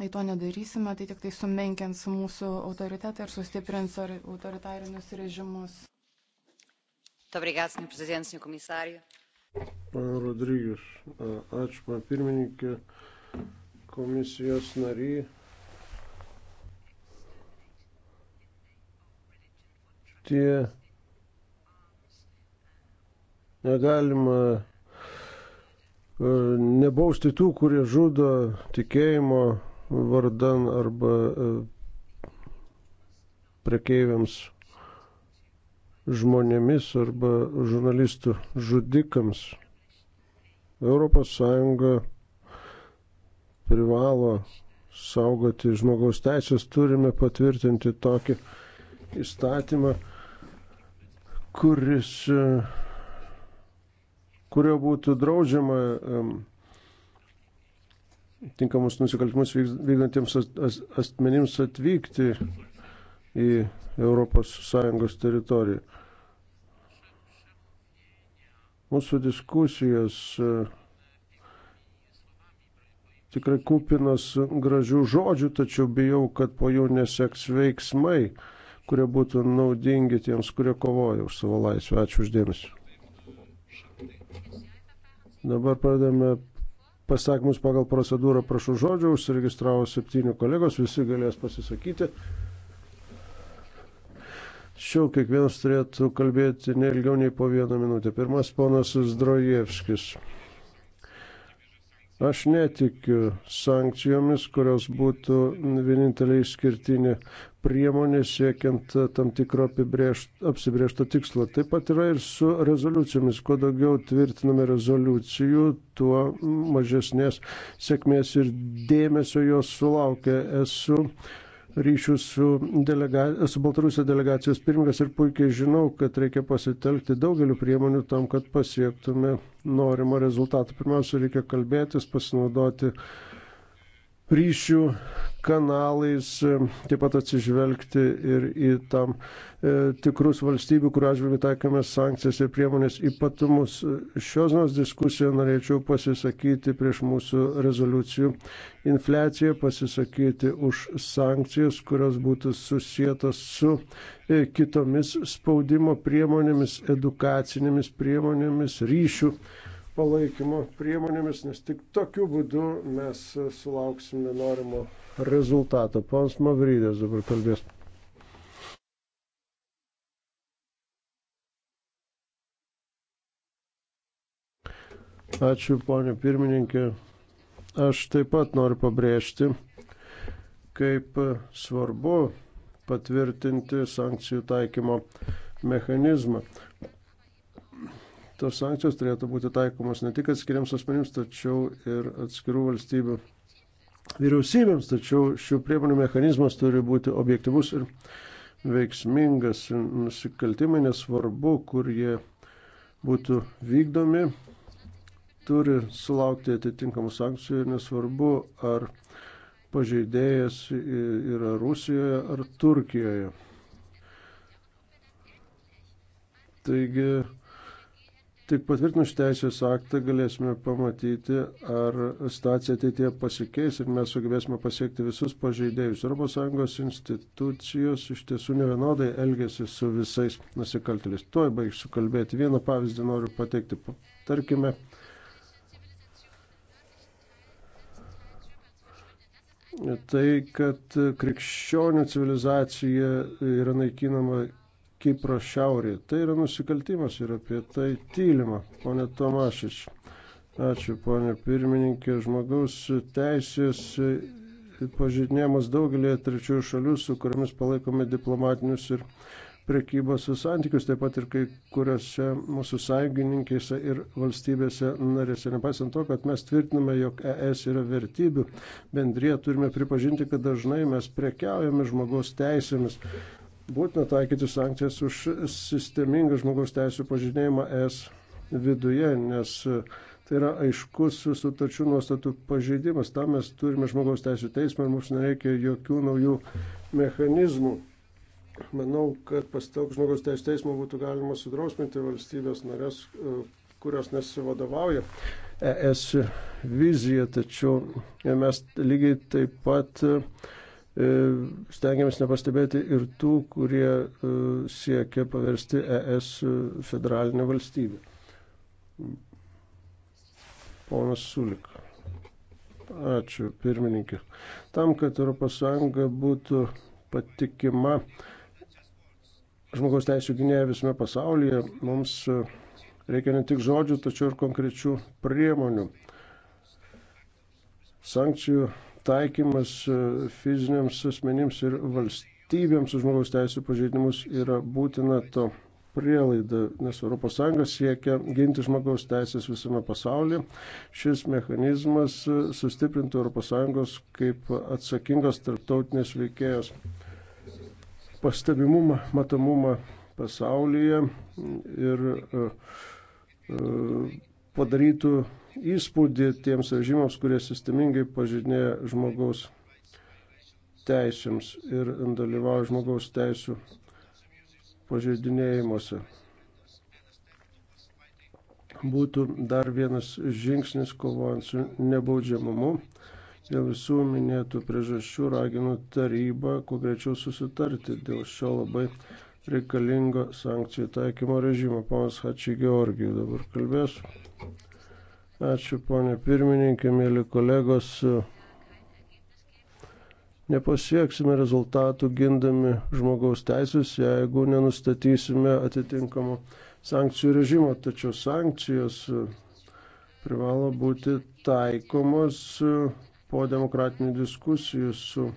Jei to nedarysime, tai tik tai sumenkins mūsų autoritetą ir sustiprins autoritarinius režimus. Muito obrigada, Sr. Presidente, Sr. Comissário. Rodrygius, ačiū, man pirmininkė, komisijos nariai. Tie negalima e, nebausti tų, kurie žudo tikėjimo vardan arba e, prekeiviams žmonėmis arba žurnalistų žudikams. ES privalo saugoti žmogaus teisės, turime patvirtinti tokį įstatymą, kuris, kurio būtų draudžiama tinkamus nusikaltimus vykdantiems asmenims atvykti į ES teritoriją. Mūsų diskusijos e, tikrai kupinas gražių žodžių, tačiau bijau, kad po jų neseks veiksmai, kurie būtų naudingi tiems, kurie kovoja už savo laisvę. Ačiū uždėmesi. Dabar pradame pasakymus pagal procedūrą. Prašau žodžio, užsiregistravo septynių kolegos, visi galės pasisakyti. Šiau kiekvienas turėtų kalbėti ne ilgiau nei po vieną minutę. Pirmas ponas Zdrojevskis. Aš netikiu sankcijomis, kurios būtų vieninteliai išskirtinė priemonė siekiant tam tikro apsibriešto tikslo. Taip pat yra ir su rezoliucijomis. Kuo daugiau tvirtiname rezoliucijų, tuo mažesnės sėkmės ir dėmesio jos sulaukia. Esu ryšių su, delega, su Baltarusijos delegacijos pirmininkas ir puikiai žinau, kad reikia pasitelkti daugeliu priemonių tam, kad pasiektume norimo rezultato. Pirmiausia, reikia kalbėtis, pasinaudoti ryšių kanalais, e, taip pat atsižvelgti ir į tam e, tikrus valstybių, kurio atžvilgiu taikome sankcijas ir priemonės ypatumus. Šios dienos diskusiją norėčiau pasisakyti prieš mūsų rezoliucijų infliaciją, pasisakyti už sankcijas, kurios būtų susijęs su e, kitomis spaudimo priemonėmis, edukacinėmis priemonėmis, ryšių palaikymo priemonėmis, nes tik tokiu būdu mes sulauksime norimo rezultato. Pons Mavrydės dabar kalbės. Ačiū, ponė pirmininkė. Aš taip pat noriu pabrėžti, kaip svarbu patvirtinti sankcijų taikymo mechanizmą. Tos sankcijos turėtų būti taikomos ne tik atskiriams asmenims, tačiau ir atskirų valstybių vyriausybėms, tačiau šių priemonių mechanizmas turi būti objektivus ir veiksmingas. Nusikaltimai nesvarbu, kur jie būtų vykdomi, turi sulaukti atitinkamų sankcijų ir nesvarbu, ar pažeidėjas yra Rusijoje ar Turkijoje. Taigi Tik patvirtinus teisės aktą galėsime pamatyti, ar situacija ateitie pasikeis ir mes sugebėsime pasiekti visus pažeidėjus. ES institucijos iš tiesų nevienodai elgesi su visais nusikaltėliais. Tuoj baigsiu kalbėti. Vieną pavyzdį noriu pateikti. Tarkime, tai, kad krikščionių civilizacija yra naikinama Kipro šiaurėje. Tai yra nusikaltimas ir apie tai tylima, ponė Tomašič. Ačiū, ponė pirmininkė. Žmogaus teisės pažydinėjimas daugelėje trečiųjų šalių, su kuriamis palaikome diplomatinius ir prekybos santykius, taip pat ir kai kuriuose mūsų sąjungininkėse ir valstybėse narėse. Nepaisant to, kad mes tvirtiname, jog ES yra vertybių bendrė, turime pripažinti, kad dažnai mes prekiaujame žmogaus teisėmis būtina taikyti sankcijas už sistemingą žmogaus teisų pažinėjimą es viduje, nes e, tai yra aiškus sutarčių nuostatų pažeidimas. Tam mes turime žmogaus teisų teismą ir mums nereikia jokių naujų mechanizmų. Manau, kad pasitelk žmogaus teisų teismo būtų galima sudrausminti valstybės narės, e, kurios nesivadovauja ES vizija, tačiau mes lygiai taip pat uh, E, stengiamės nepastebėti ir tų, kurie e, siekia paversti ES federalinę valstybę. Ponas Sulik. Ačiū, pirmininkė. Tam, kad ES būtų patikima žmogaus teisų gynėja visame pasaulyje, mums reikia ne tik žodžių, tačiau ir konkrečių priemonių. Sankcijų taikymas e, fiziniams asmenims ir valstybėms žmogaus teisų pažeidimus yra būtina to prielaida, nes ES siekia ginti žmogaus teisės visame pasaulyje. Šis mechanizmas e, sustiprintų ES kaip atsakingos tarptautinės veikėjos pastebimumą, matomumą pasaulyje ir uh, uh, padarytų įspūdį tiems režimams, kurie sistemingai pažinėja žmogaus teisėms ir dalyvauja žmogaus teisų pažeidinėjimuose. Būtų dar vienas žingsnis kovojant su nebaudžiamumu. Dėl visų minėtų priežasčių raginu tarybą kuo greičiau susitarti dėl šio labai reikalingo sankcijų taikymo režimo. Ponas Hačiai Georgijų dabar kalbės. Ačiū, ponė pirmininkė, mėly kolegos. Nepasieksime rezultatų gindami žmogaus teisės, jeigu nenustatysime atitinkamo sankcijų režimo. Tačiau sankcijos privalo būti taikomos po demokratinių diskusijų su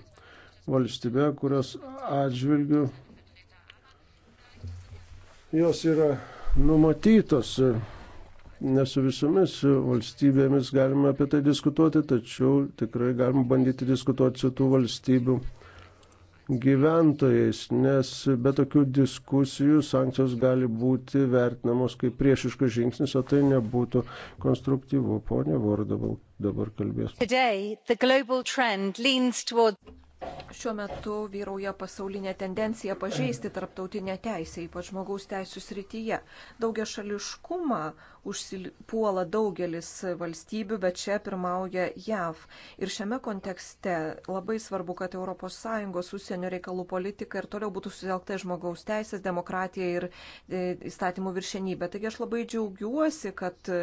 valstybe, kurios atžvilgių jos yra numatytos. Ne su visomis valstybėmis galima apie tai diskutuoti, tačiau tikrai galima bandyti diskutuoti su tų valstybių gyventojais, nes be tokių diskusijų sankcijos gali būti vertinamos kaip priešiškas žingsnis, o tai nebūtų konstruktyvu. Pone Vordavau dabar kalbės. Today, Šiuo metu vyrauja pasaulinė tendencija pažeisti tarptautinę teisę, ypač žmogaus teisų srityje. Daugia šališkumą užsipuola daugelis valstybių, bet čia pirmauja JAV. Ir šiame kontekste labai svarbu, kad ES užsienio reikalų politika ir toliau būtų susilgta žmogaus teisės, demokratija ir e, įstatymų viršenybė. Taigi aš labai džiaugiuosi, kad e,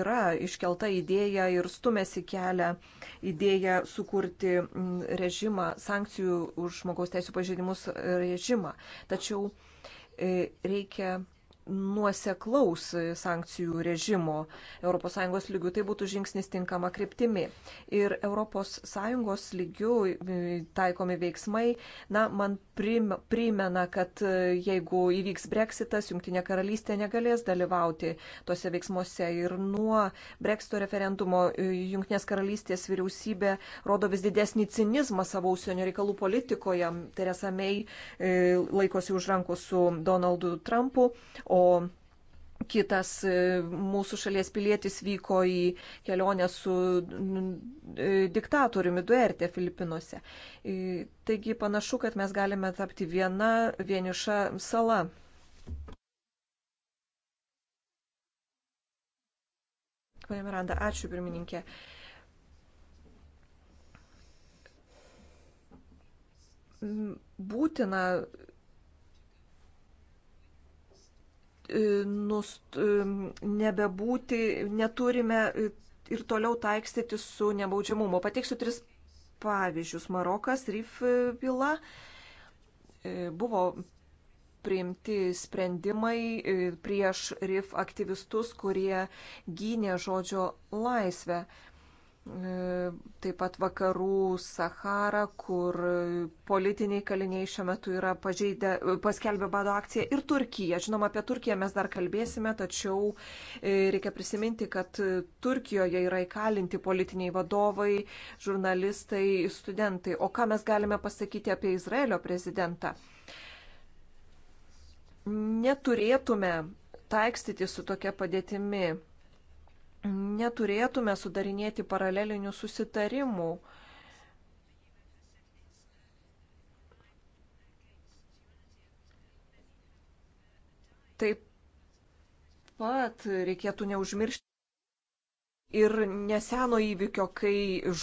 yra iškelta idėja ir stumėsi kelią idėja sukurti režimą, sankcijų už žmogaus teisų pažeidimus režimą. Tačiau e, reikia nuoseklaus sankcijų režimo ES lygių, tai būtų žingsnis tinkama kryptimi. Ir ES lygių e, taikomi veiksmai, na, man primena, kad e, jeigu įvyks breksitas, Junktinė karalystė negalės dalyvauti tose veiksmuose. Ir nuo breksito referendumo e, Junktinės karalystės vyriausybė rodo vis didesnį cinizmą savo užsienio reikalų politikoje. Teresa May laikosi už rankų su Donaldu Trumpu, o o kitas e, mūsų šalies pilietis vyko į kelionę su e, diktatoriumi Duerte Filipinuose. E, taigi panašu, kad mes galime tapti viena vieniša sala. Pane Miranda, ačiū pirmininkė. Būtina E, nust, e, nebebūti, neturime e, ir toliau taikstyti su nebaudžiamumu. Pateiksiu tris pavyzdžius. Marokas, RIF byla buvo priimti sprendimai prieš RIF aktyvistus, kurie gynė žodžio laisvę. E, taip pat vakarų Sahara, kur politiniai kaliniai šiuo metu yra pažeidę, paskelbė bado akciją ir Turkija. Žinoma, apie Turkiją mes dar kalbėsime, tačiau e, reikia prisiminti, kad Turkijoje yra įkalinti politiniai vadovai, žurnalistai, studentai. O ką mes galime pasakyti apie Izraelio prezidentą? Neturėtume taikstyti su tokia padėtimi neturėtume sudarinėti paralelinių susitarimų. Taip pat reikėtų neužmiršti ir neseno įvykio, kai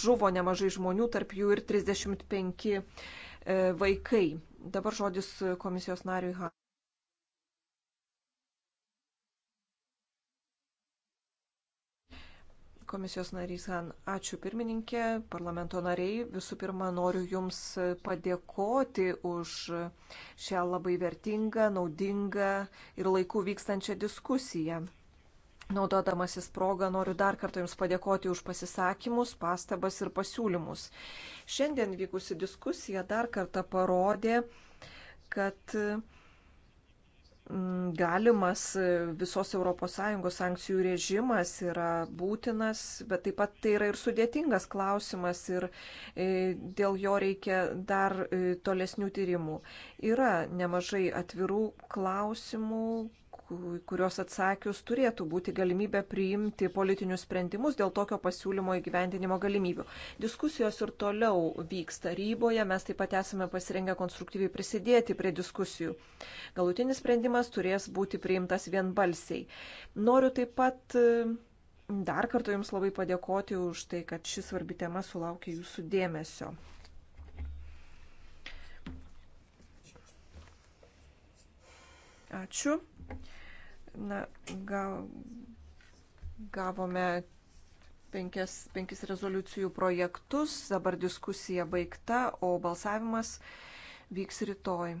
žuvo nemažai žmonių, tarp jų ir 35 e, vaikai. Dabar žodis komisijos nariui. Komisijos narys Han, ačiū pirmininkė, parlamento nariai. Visų pirma, noriu Jums padėkoti už šią labai vertingą, naudingą ir laiku vykstančią diskusiją. Naudodamasis progą noriu dar kartą Jums padėkoti už pasisakymus, pastabas ir pasiūlymus. Šiandien vykusi diskusija dar kartą parodė, kad Mm, galimas e, visos ES sankcijų režimas yra būtinas, bet taip pat tai yra ir sudėtingas klausimas ir e, dėl jo reikia dar e, tolesnių tyrimų. Yra nemažai atvirų klausimų, kurios atsakius turėtų būti galimybė priimti politinius sprendimus dėl tokio pasiūlymo įgyvendinimo galimybių. Diskusijos ir toliau vyks taryboje, mes taip pat esame pasirengę konstruktyviai prisidėti prie diskusijų. Galutinis sprendimas turės būti priimtas vienbalsiai. Noriu taip pat e, dar kartą Jums labai padėkoti už tai, kad ši svarbi tema sulaukė Jūsų dėmesio. Ačiū. Na, gal, gavome penkias, penkis rezoliucijų projektus, dabar diskusija baigta, o balsavimas vyks rytoj.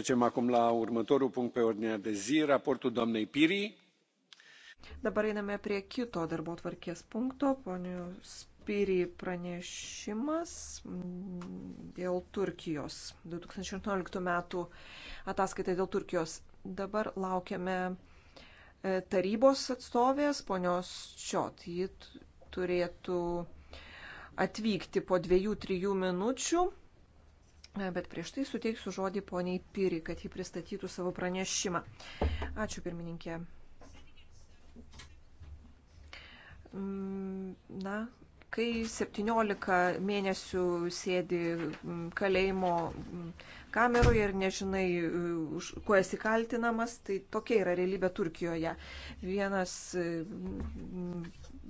Trecem acum la următorul punct pe ordinea de zi, raportul doamnei Piri. Dabar einame prie kito darbo tvarkės punkto, ponios Piri pranešimas dėl Turkijos, 2018 metų ataskaita dėl Turkijos. Dabar laukiame e, tarybos atstovės, ponios Čiot. Ji turėtų atvykti po dviejų, trijų minučių. E, bet prieš tai suteiksiu žodį poniai Pyri, kad ji pristatytų savo pranešimą. Ačiū, pirmininkė. Mm, na, kai 17 mėnesių sėdi mm, kalėjimo mm, kameroje ir nežinai, už ko esi kaltinamas, tai tokia yra realybė Turkijoje. Vienas,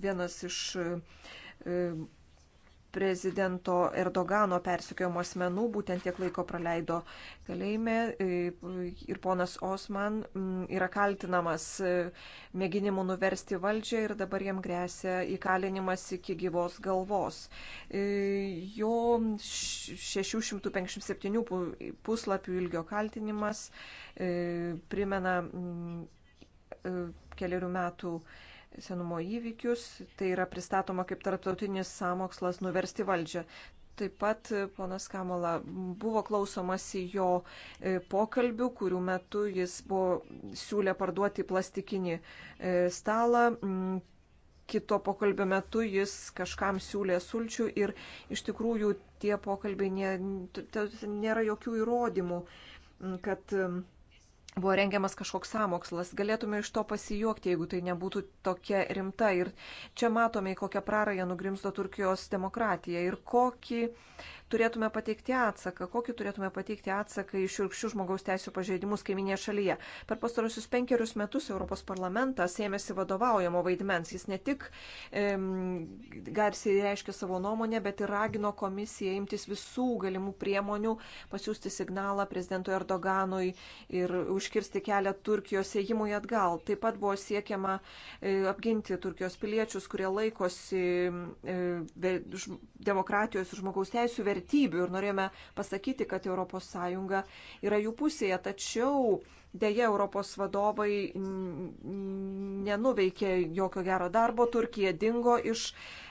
vienas iš prezidento Erdogano persikiojimo asmenų, būtent tiek laiko praleido kalėjime ir ponas Osman mm, yra kaltinamas e, mėginimu nuversti valdžią ir dabar jam grėsia įkalinimas iki gyvos galvos. E, jo 657 puslapių ilgio kaltinimas e, primena mm, E, keliarių metų senumo įvykius. Tai yra pristatoma kaip tarptautinis samokslas nuversti valdžią. Taip pat e, ponas Kamola buvo klausomasi jo e, pokalbių, kurių metu jis buvo siūlė parduoti plastikinį stalą. Mm, kito pokalbio metu jis kažkam siūlė sulčių ir iš tikrųjų tie pokalbiai nė, nėra jokių įrodymų, kad buvo rengiamas kažkoks samokslas. Galėtume iš to pasijuokti, jeigu tai nebūtų tokia rimta. Ir čia matome, kokią prarąją nugrimzdo Turkijos demokratija ir kokį turėtume pateikti atsaką, kokį turėtume pateikti atsaką į šiurkščių žmogaus teisų pažeidimus kaiminėje šalyje. Per pastarosius penkerius metus Europos parlamentas ėmėsi vadovaujamo vaidmens. Jis ne tik e, garsiai reiškia savo nuomonę, bet ir ragino komisiją imtis visų galimų priemonių, pasiūsti signalą prezidentui Erdoganui ir užkirsti kelią Turkijos ėjimui atgal. Taip pat buvo siekiama e, apginti Turkijos piliečius, kurie laikosi e, demokratijos ir žmogaus teisų vertybės vertybių ir norėjome pasakyti, kad ES yra jų pusėje, tačiau dėja Europos vadovai nenuveikė jokio gero darbo, Turkija dingo iš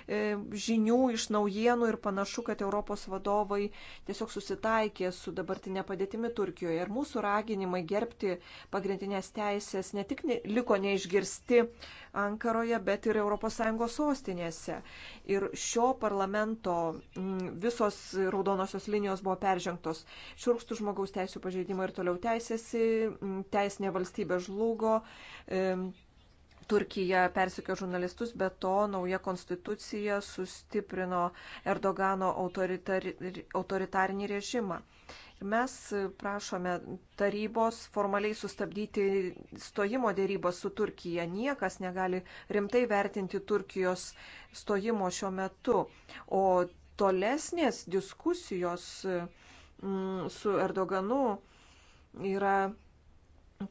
E, žinių, iš naujienų ir panašu, kad Europos vadovai tiesiog susitaikė su dabartinė padėtimi Turkijoje. Ir mūsų raginimai gerbti pagrindinės teisės ne tik liko neišgirsti Ankaroje, bet ir ES sostinėse. Ir šio parlamento visos raudonosios linijos buvo peržengtos. Šiurkstų žmogaus teisų pažeidimai ir toliau teisėsi, teisinė valstybė žlugo. E, Turkija persikio žurnalistus, bet to nauja konstitucija sustiprino Erdogano autoritari, autoritarinį režimą. Ir mes prašome tarybos formaliai sustabdyti stojimo dėrybas su Turkija. Niekas negali rimtai vertinti Turkijos stojimo šiuo metu. O tolesnės diskusijos mm, su Erdoganu yra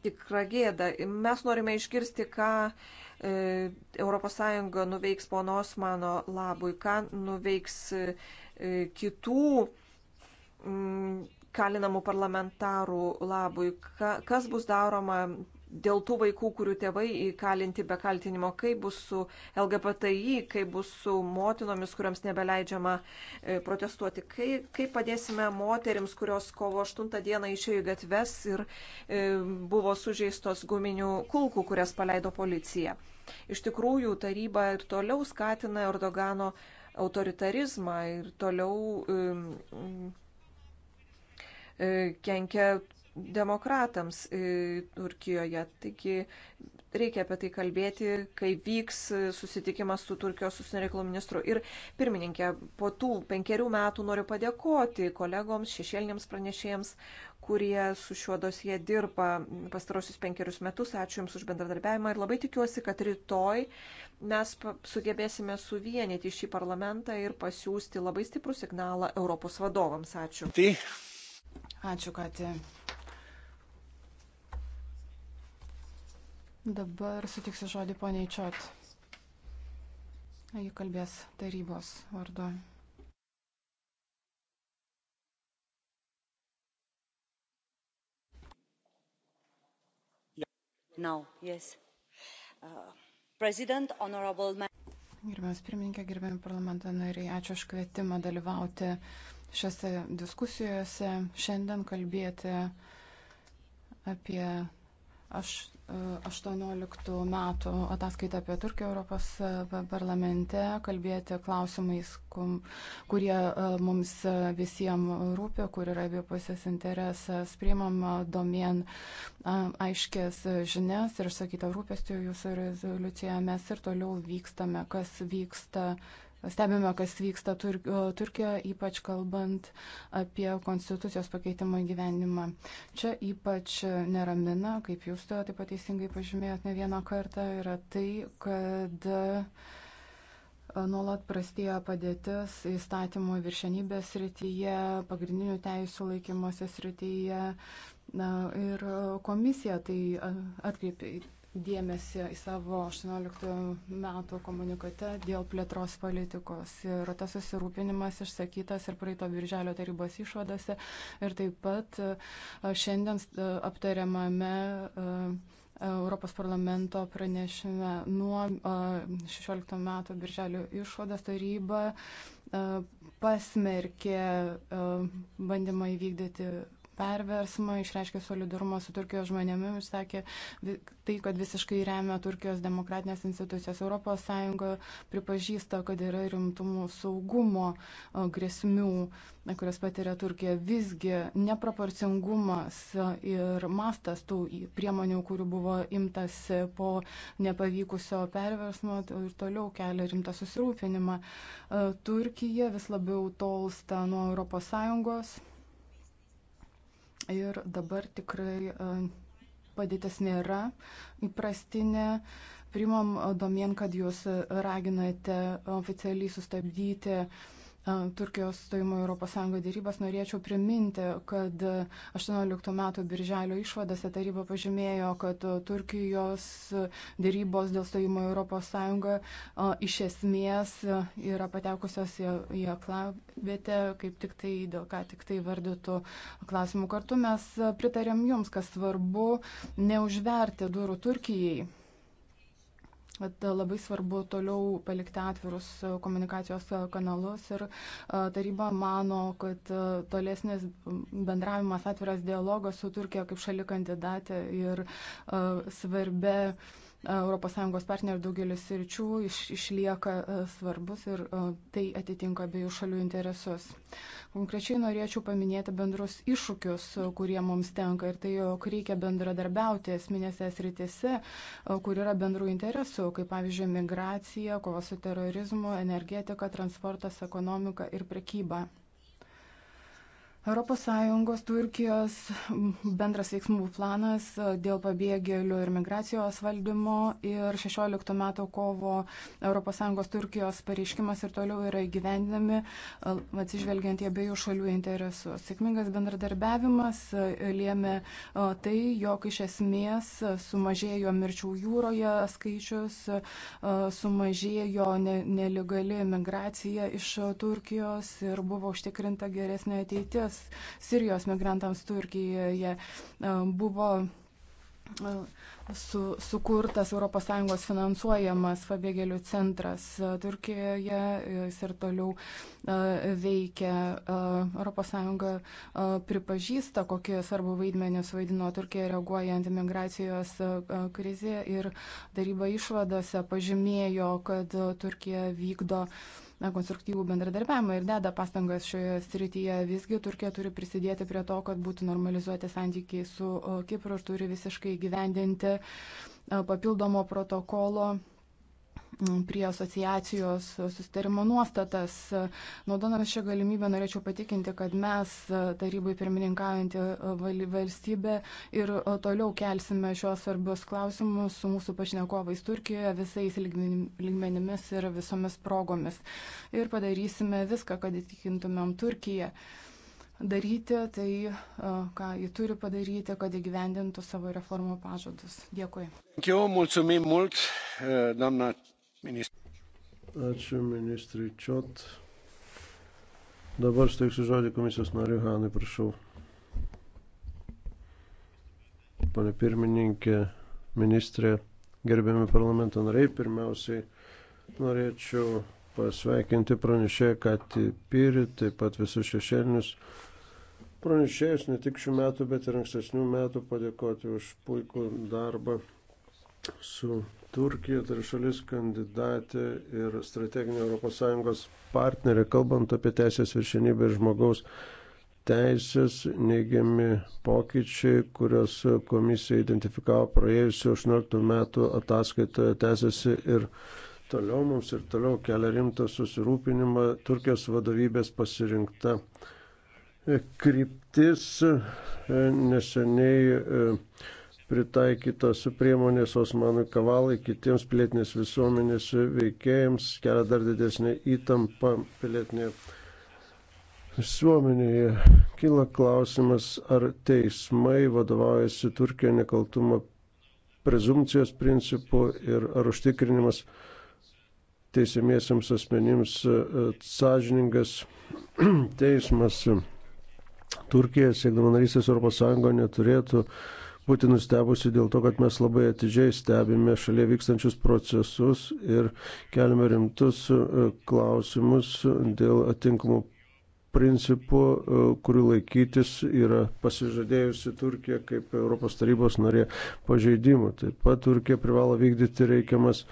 tikra gėda. Mes norime išgirsti, ką ES nuveiks ponos mano labui, ką nuveiks e, kitų mm, kalinamų parlamentarų labui, kas bus daroma dėl tų vaikų, kurių tėvai įkalinti be kaltinimo, kaip bus su LGBTI, kaip bus su motinomis, kuriams nebeleidžiama e, protestuoti, kaip, kaip padėsime moteriams, kurios kovo 8 dieną išėjo į gatves ir e, buvo sužeistos guminių kulkų, kurias paleido policija. Iš tikrųjų, taryba ir toliau skatina Erdogano autoritarizmą ir toliau um, kenkia demokratams e, Turkijoje. Taigi reikia apie tai kalbėti, kai vyks susitikimas su Turkijos užsienio reikalų ministru. Ir pirmininkė, po tų penkerių metų noriu padėkoti kolegoms, šešėlinėms pranešėjams, kurie su šiuo dosie dirba pastarosius penkerius metus. Ačiū Jums už bendradarbiavimą ir labai tikiuosi, kad rytoj mes sugebėsime suvienyti šį parlamentą ir pasiūsti labai stiprų signalą Europos vadovams. Ačiū. Tai. Ačiū, Kati. Dabar sutiksiu žodį poniai Čiot. Ji kalbės tarybos vardu. Now, yes. Uh, President, honorable man. Gerbiamas pirmininkė, gerbiami parlamento nariai, ačiū už kvietimą dalyvauti šiose diskusijose, šiandien kalbėti apie 18 e, metų ataskaitą apie Turkiją Europos e, parlamente, kalbėti klausimais, kum, kurie e, mums visiems rūpi, kur yra abipusės interesas, priimam domien aiškės žinias ir sakytą rūpestį jūsų rezoliuciją, mes ir toliau vykstame, kas vyksta Stebime, kas vyksta Tur Turkijoje, ypač kalbant apie konstitucijos pakeitimo gyvenimą. Čia ypač neramina, kaip jūs to taip pat teisingai pažymėjot ne vieną kartą, yra tai, kad e, nuolat prastėja padėtis įstatymo viršenybės srityje, pagrindinių teisų laikymuose srityje. Na, ir komisija tai e, atkreipia dėmesį į savo 18 metų komunikate dėl plėtros politikos. Ir tas susirūpinimas išsakytas ir praeito birželio tarybos išvadose ir taip pat šiandien aptariamame Europos parlamento pranešime nuo 16 metų birželio išvadas taryba pasmerkė bandymą įvykdyti perversmą, išreiškė solidarumą su Turkijos žmonėmis, išsakė tai, kad visiškai remia Turkijos demokratinės institucijas. ES pripažįsta, kad yra rimtumų saugumo grėsmių, kurias patiria Turkija. Visgi neproporcingumas ir mastas tų priemonių, kurių buvo imtas po nepavykusio perversmo ir toliau kelia rimtą susirūpinimą. Turkija vis labiau tolsta nuo ES. Ir dabar tikrai e, padėtis nėra įprastinė. Primam e, domien, kad jūs raginate oficialiai sustabdyti Turkijos stojimo Europos Sąjungo dėrybas, norėčiau priminti, kad 18 metų birželio išvadose taryba pažymėjo, kad Turkijos dėrybos dėl stojimo Europos Sąjungą iš esmės yra patekusios į aklavietę, kaip tik tai, dėl ką tik tai vardytų klausimų kartu. Mes pritarėm jums, kas svarbu neužverti durų Turkijai Bet labai svarbu toliau palikti atvirus komunikacijos kanalus ir taryba mano, kad tolesnis bendravimas, atviras dialogas su Turkija kaip šali kandidatė ir svarbia ES partnerių daugelis ryčių iš, išlieka e, svarbus ir e, tai atitinka abiejų šalių interesus. Konkrečiai norėčiau paminėti bendrus iššūkius, e, kurie mums tenka ir tai, jog reikia bendradarbiauti esminėse sritise, kur yra bendrų interesų, kaip pavyzdžiui migracija, kova su terorizmu, energetika, transportas, ekonomika ir prekyba. ES Turkijos bendras veiksmų planas e, dėl pabėgėlių ir migracijos valdymo ir 16 metų kovo ES Turkijos pareiškimas ir toliau yra įgyvendinami e, atsižvelgiant į abiejų šalių interesus. Sėkmingas bendradarbiavimas e, lėmė tai, jog iš esmės sumažėjo mirčių jūroje skaičius, sumažėjo nelegali migracija iš Turkijos ir buvo užtikrinta geresnė ateitis paramos Sirijos migrantams Turkijoje e, buvo e, su, sukurtas ES finansuojamas pabėgėlių centras e, Turkijoje, jis ir toliau veikia. ES pripažįsta, kokie svarbu vaidmenį suvaidino Turkija reaguojant į migracijos krizę ir daryba išvadose pažymėjo, kad Turkija vykdo uh, na, konstruktyvų bendradarbiavimą ir deda pastangas šioje srityje. Visgi Turkija turi prisidėti prie to, kad būtų normalizuoti santykiai su Kipru ir turi visiškai gyvendinti papildomo protokolo prie asociacijos susitarimo nuostatas. Naudodamas šią galimybę norėčiau patikinti, kad mes tarybai pirmininkaujantį e, valstybę ir e, toliau kelsime šios svarbios klausimus su mūsų pašnekovais Turkijoje visais lygmenimis ir visomis progomis. Ir padarysime viską, kad įtikintumėm Turkiją daryti tai, e, ką ji turi padaryti, kad įgyvendintų savo reformų pažadus. Dėkui. Mulțumim mult, doamna Ačiū ministrui Čiot. Dabar steiksiu žodį komisijos nariui Hanui, prašau. Pane pirmininkė, ministrė, gerbiami parlamento nariai, pirmiausiai norėčiau pasveikinti pranešėją Kati Pyri, taip pat visus šešėlinius pranešėjus, ne tik šių metų, bet ir ankstesnių metų, padėkoti už puikų darbą su Turkija tai šalis kandidatė ir strateginė ES partnerė, kalbant apie teisės viršenybę ir žmogaus teisės, neigiami pokyčiai, kurios komisija identifikavo praėjusiu 18 metų ataskaitoje tęsiasi ir toliau mums ir toliau kelia rimtą susirūpinimą Turkijos vadovybės pasirinkta kryptis neseniai pritaikytos priemonės Osmanui Kavalai, kitiems pilietinės visuomenės veikėjams, kelia dar didesnį įtampą pilietinėje visuomenėje. Kyla klausimas, ar teismai vadovaujasi Turkijo nekaltumo prezumcijos principu ir ar užtikrinimas teisėmiesiams asmenims e, sąžiningas teismas. Turkija, siekdama narystės Europos Sąjungoje, neturėtų būti nustebusi dėl to, kad mes labai atidžiai stebime šalia vykstančius procesus ir keliame rimtus e, klausimus dėl atinkamų principų, e, kurių laikytis yra pasižadėjusi Turkija kaip Europos tarybos narė pažeidimų. Taip pat Turkija privalo vykdyti reikiamas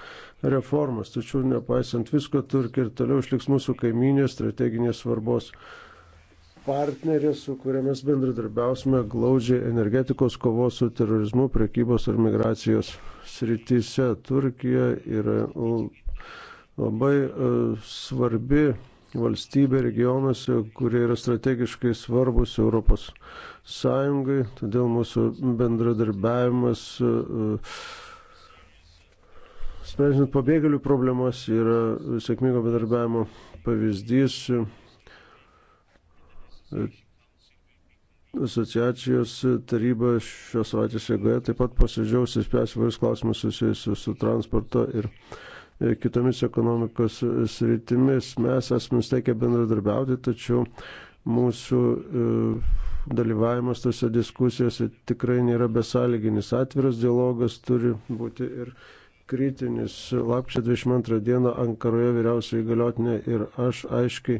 reformas, tačiau nepaisant visko Turkija ir toliau išliks mūsų kaiminė strateginės svarbos partnerės, su kuria mes bendradarbiausime glaudžiai energetikos kovos su terorizmu, prekybos ir migracijos srityse. Turkija yra labai e, svarbi valstybė regionuose, kurie yra strategiškai svarbus Europos Sąjungai, todėl mūsų bendradarbiavimas e, sprendžiant pabėgėlių problemas yra sėkmingo bendradarbiavimo pavyzdys asociacijos taryba šios savaitės jėgoje taip pat posėdžiaus ir spręs įvairius klausimus susijusius su transporto ir e, kitomis ekonomikos sritimis. Mes esame nusteikę bendradarbiauti, tačiau mūsų e, dalyvavimas tose diskusijose tikrai nėra besąlyginis. Atviras dialogas turi būti ir kritinis. Lapkričio 22 dieną Ankaroje vyriausiai galiotinė ir aš aiškiai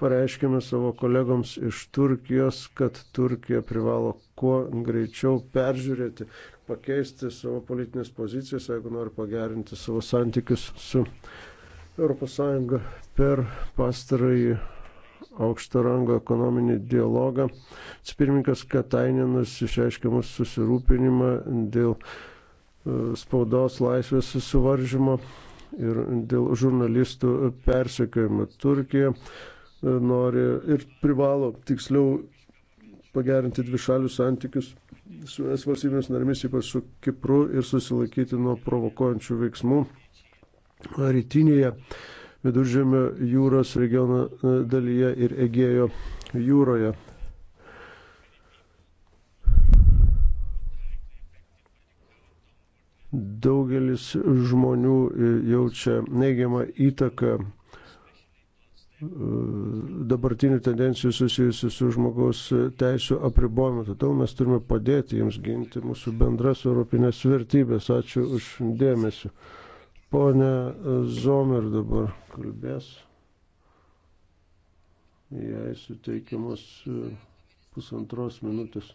pareiškime savo kolegoms iš Turkijos, kad Turkija privalo kuo greičiau peržiūrėti, pakeisti savo politinės pozicijas, jeigu nori pagerinti savo santykius su ES per pastarąjį aukšto rango ekonominį dialogą. Pirmininkas Katainenas išreiškė mūsų susirūpinimą dėl spaudos laisvės suvaržymo ir dėl žurnalistų persekiojimo. Turkija e, nori ir privalo tiksliau pagerinti dvišalius santykius su es valstybėmis narimis, ypač su Kipru ir susilaikyti nuo provokuojančių veiksmų rytinėje viduržėmio jūros regiono e, dalyje ir Egėjo jūroje. Daugelis žmonių e, jaučia neigiamą įtaką e, dabartinių tendencijų susijusių su žmogaus teisų apribojimu. Todėl mes turime padėti jiems ginti mūsų bendras europinės vertybės. Ačiū už dėmesį. Pone Zomer dabar kalbės. Jai suteikiamas e, pusantros minutės.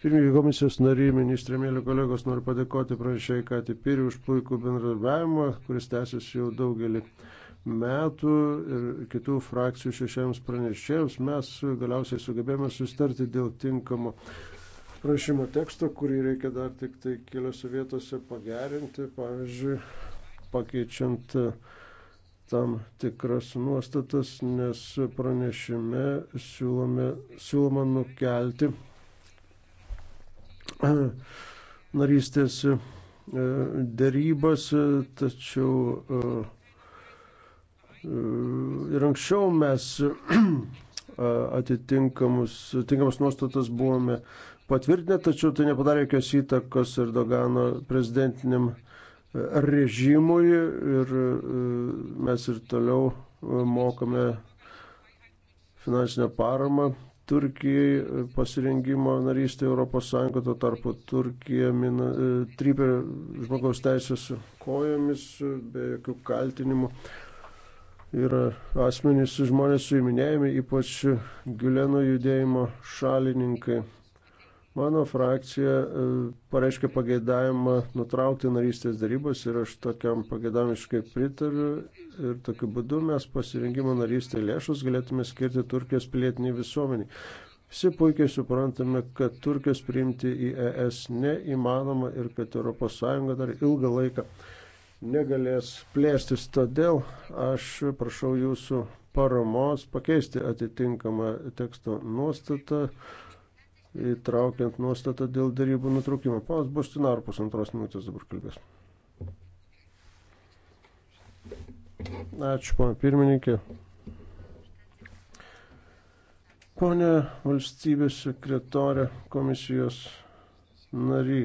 Pirmininkai komisijos nariai, ministrė, mėly kolegos, noriu padėkoti pranešėjai Kati Piri už puikų bendradarbiavimą, kuris tęsiasi jau daugelį metų ir kitų frakcijų šešiems pranešėjams. Mes galiausiai sugebėjome sustarti dėl tinkamo prašymo teksto, kurį reikia dar tik tai keliose vietose pagerinti, pavyzdžiui, pakeičiant tam tikras nuostatas, nes pranešime siūlome, siūloma nukelti narystės e, dėrybas, e, tačiau e, ir anksčiau mes atitinkamus, atitinkamus nuostatas buvome patvirtinę, tačiau tai nepadarė jokios įtakos Erdogano prezidentiniam režimui ir mes ir toliau mokame finansinę paramą Turkijai e, pasirengimo narystė Europos Sąjungo, to tarpu Turkija mina, e, trypia žmogaus teisės kojomis e, be jokių kaltinimų. Yra asmenys žmonės suiminėjami, ypač Gileno judėjimo šalininkai. Mano frakcija e, pareiškė pageidavimą nutraukti narystės darybos ir aš tokiam pageidaviškai pritariu ir tokiu būdu mes pasirinkimo narystė lėšus galėtume skirti Turkijos pilietiniai visuomeniai. Visi puikiai suprantame, kad Turkijos priimti į ES neįmanoma ir kad ES dar ilgą laiką negalės plėstis. Todėl aš prašau jūsų paramos pakeisti atitinkamą teksto nuostatą įtraukiant nuostatą dėl darybų nutraukimo. Paus Bustinaru pusantros minutės dabar kalbės. Ačiū, pana pirmininkė. Pone valstybės sekretorė komisijos nary.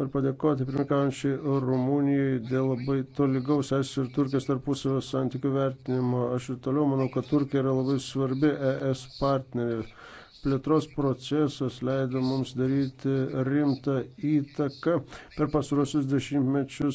Noriu padėkoti pirmininkaujančiai Rumunijai dėl labai tolygaus es ir Turkijos tarpusavio santykių vertinimo. Aš ir toliau manau, kad Turkija yra labai svarbi ES partnerė. Plėtros procesas leido mums daryti rimtą įtaką per pastarosius dešimtmečius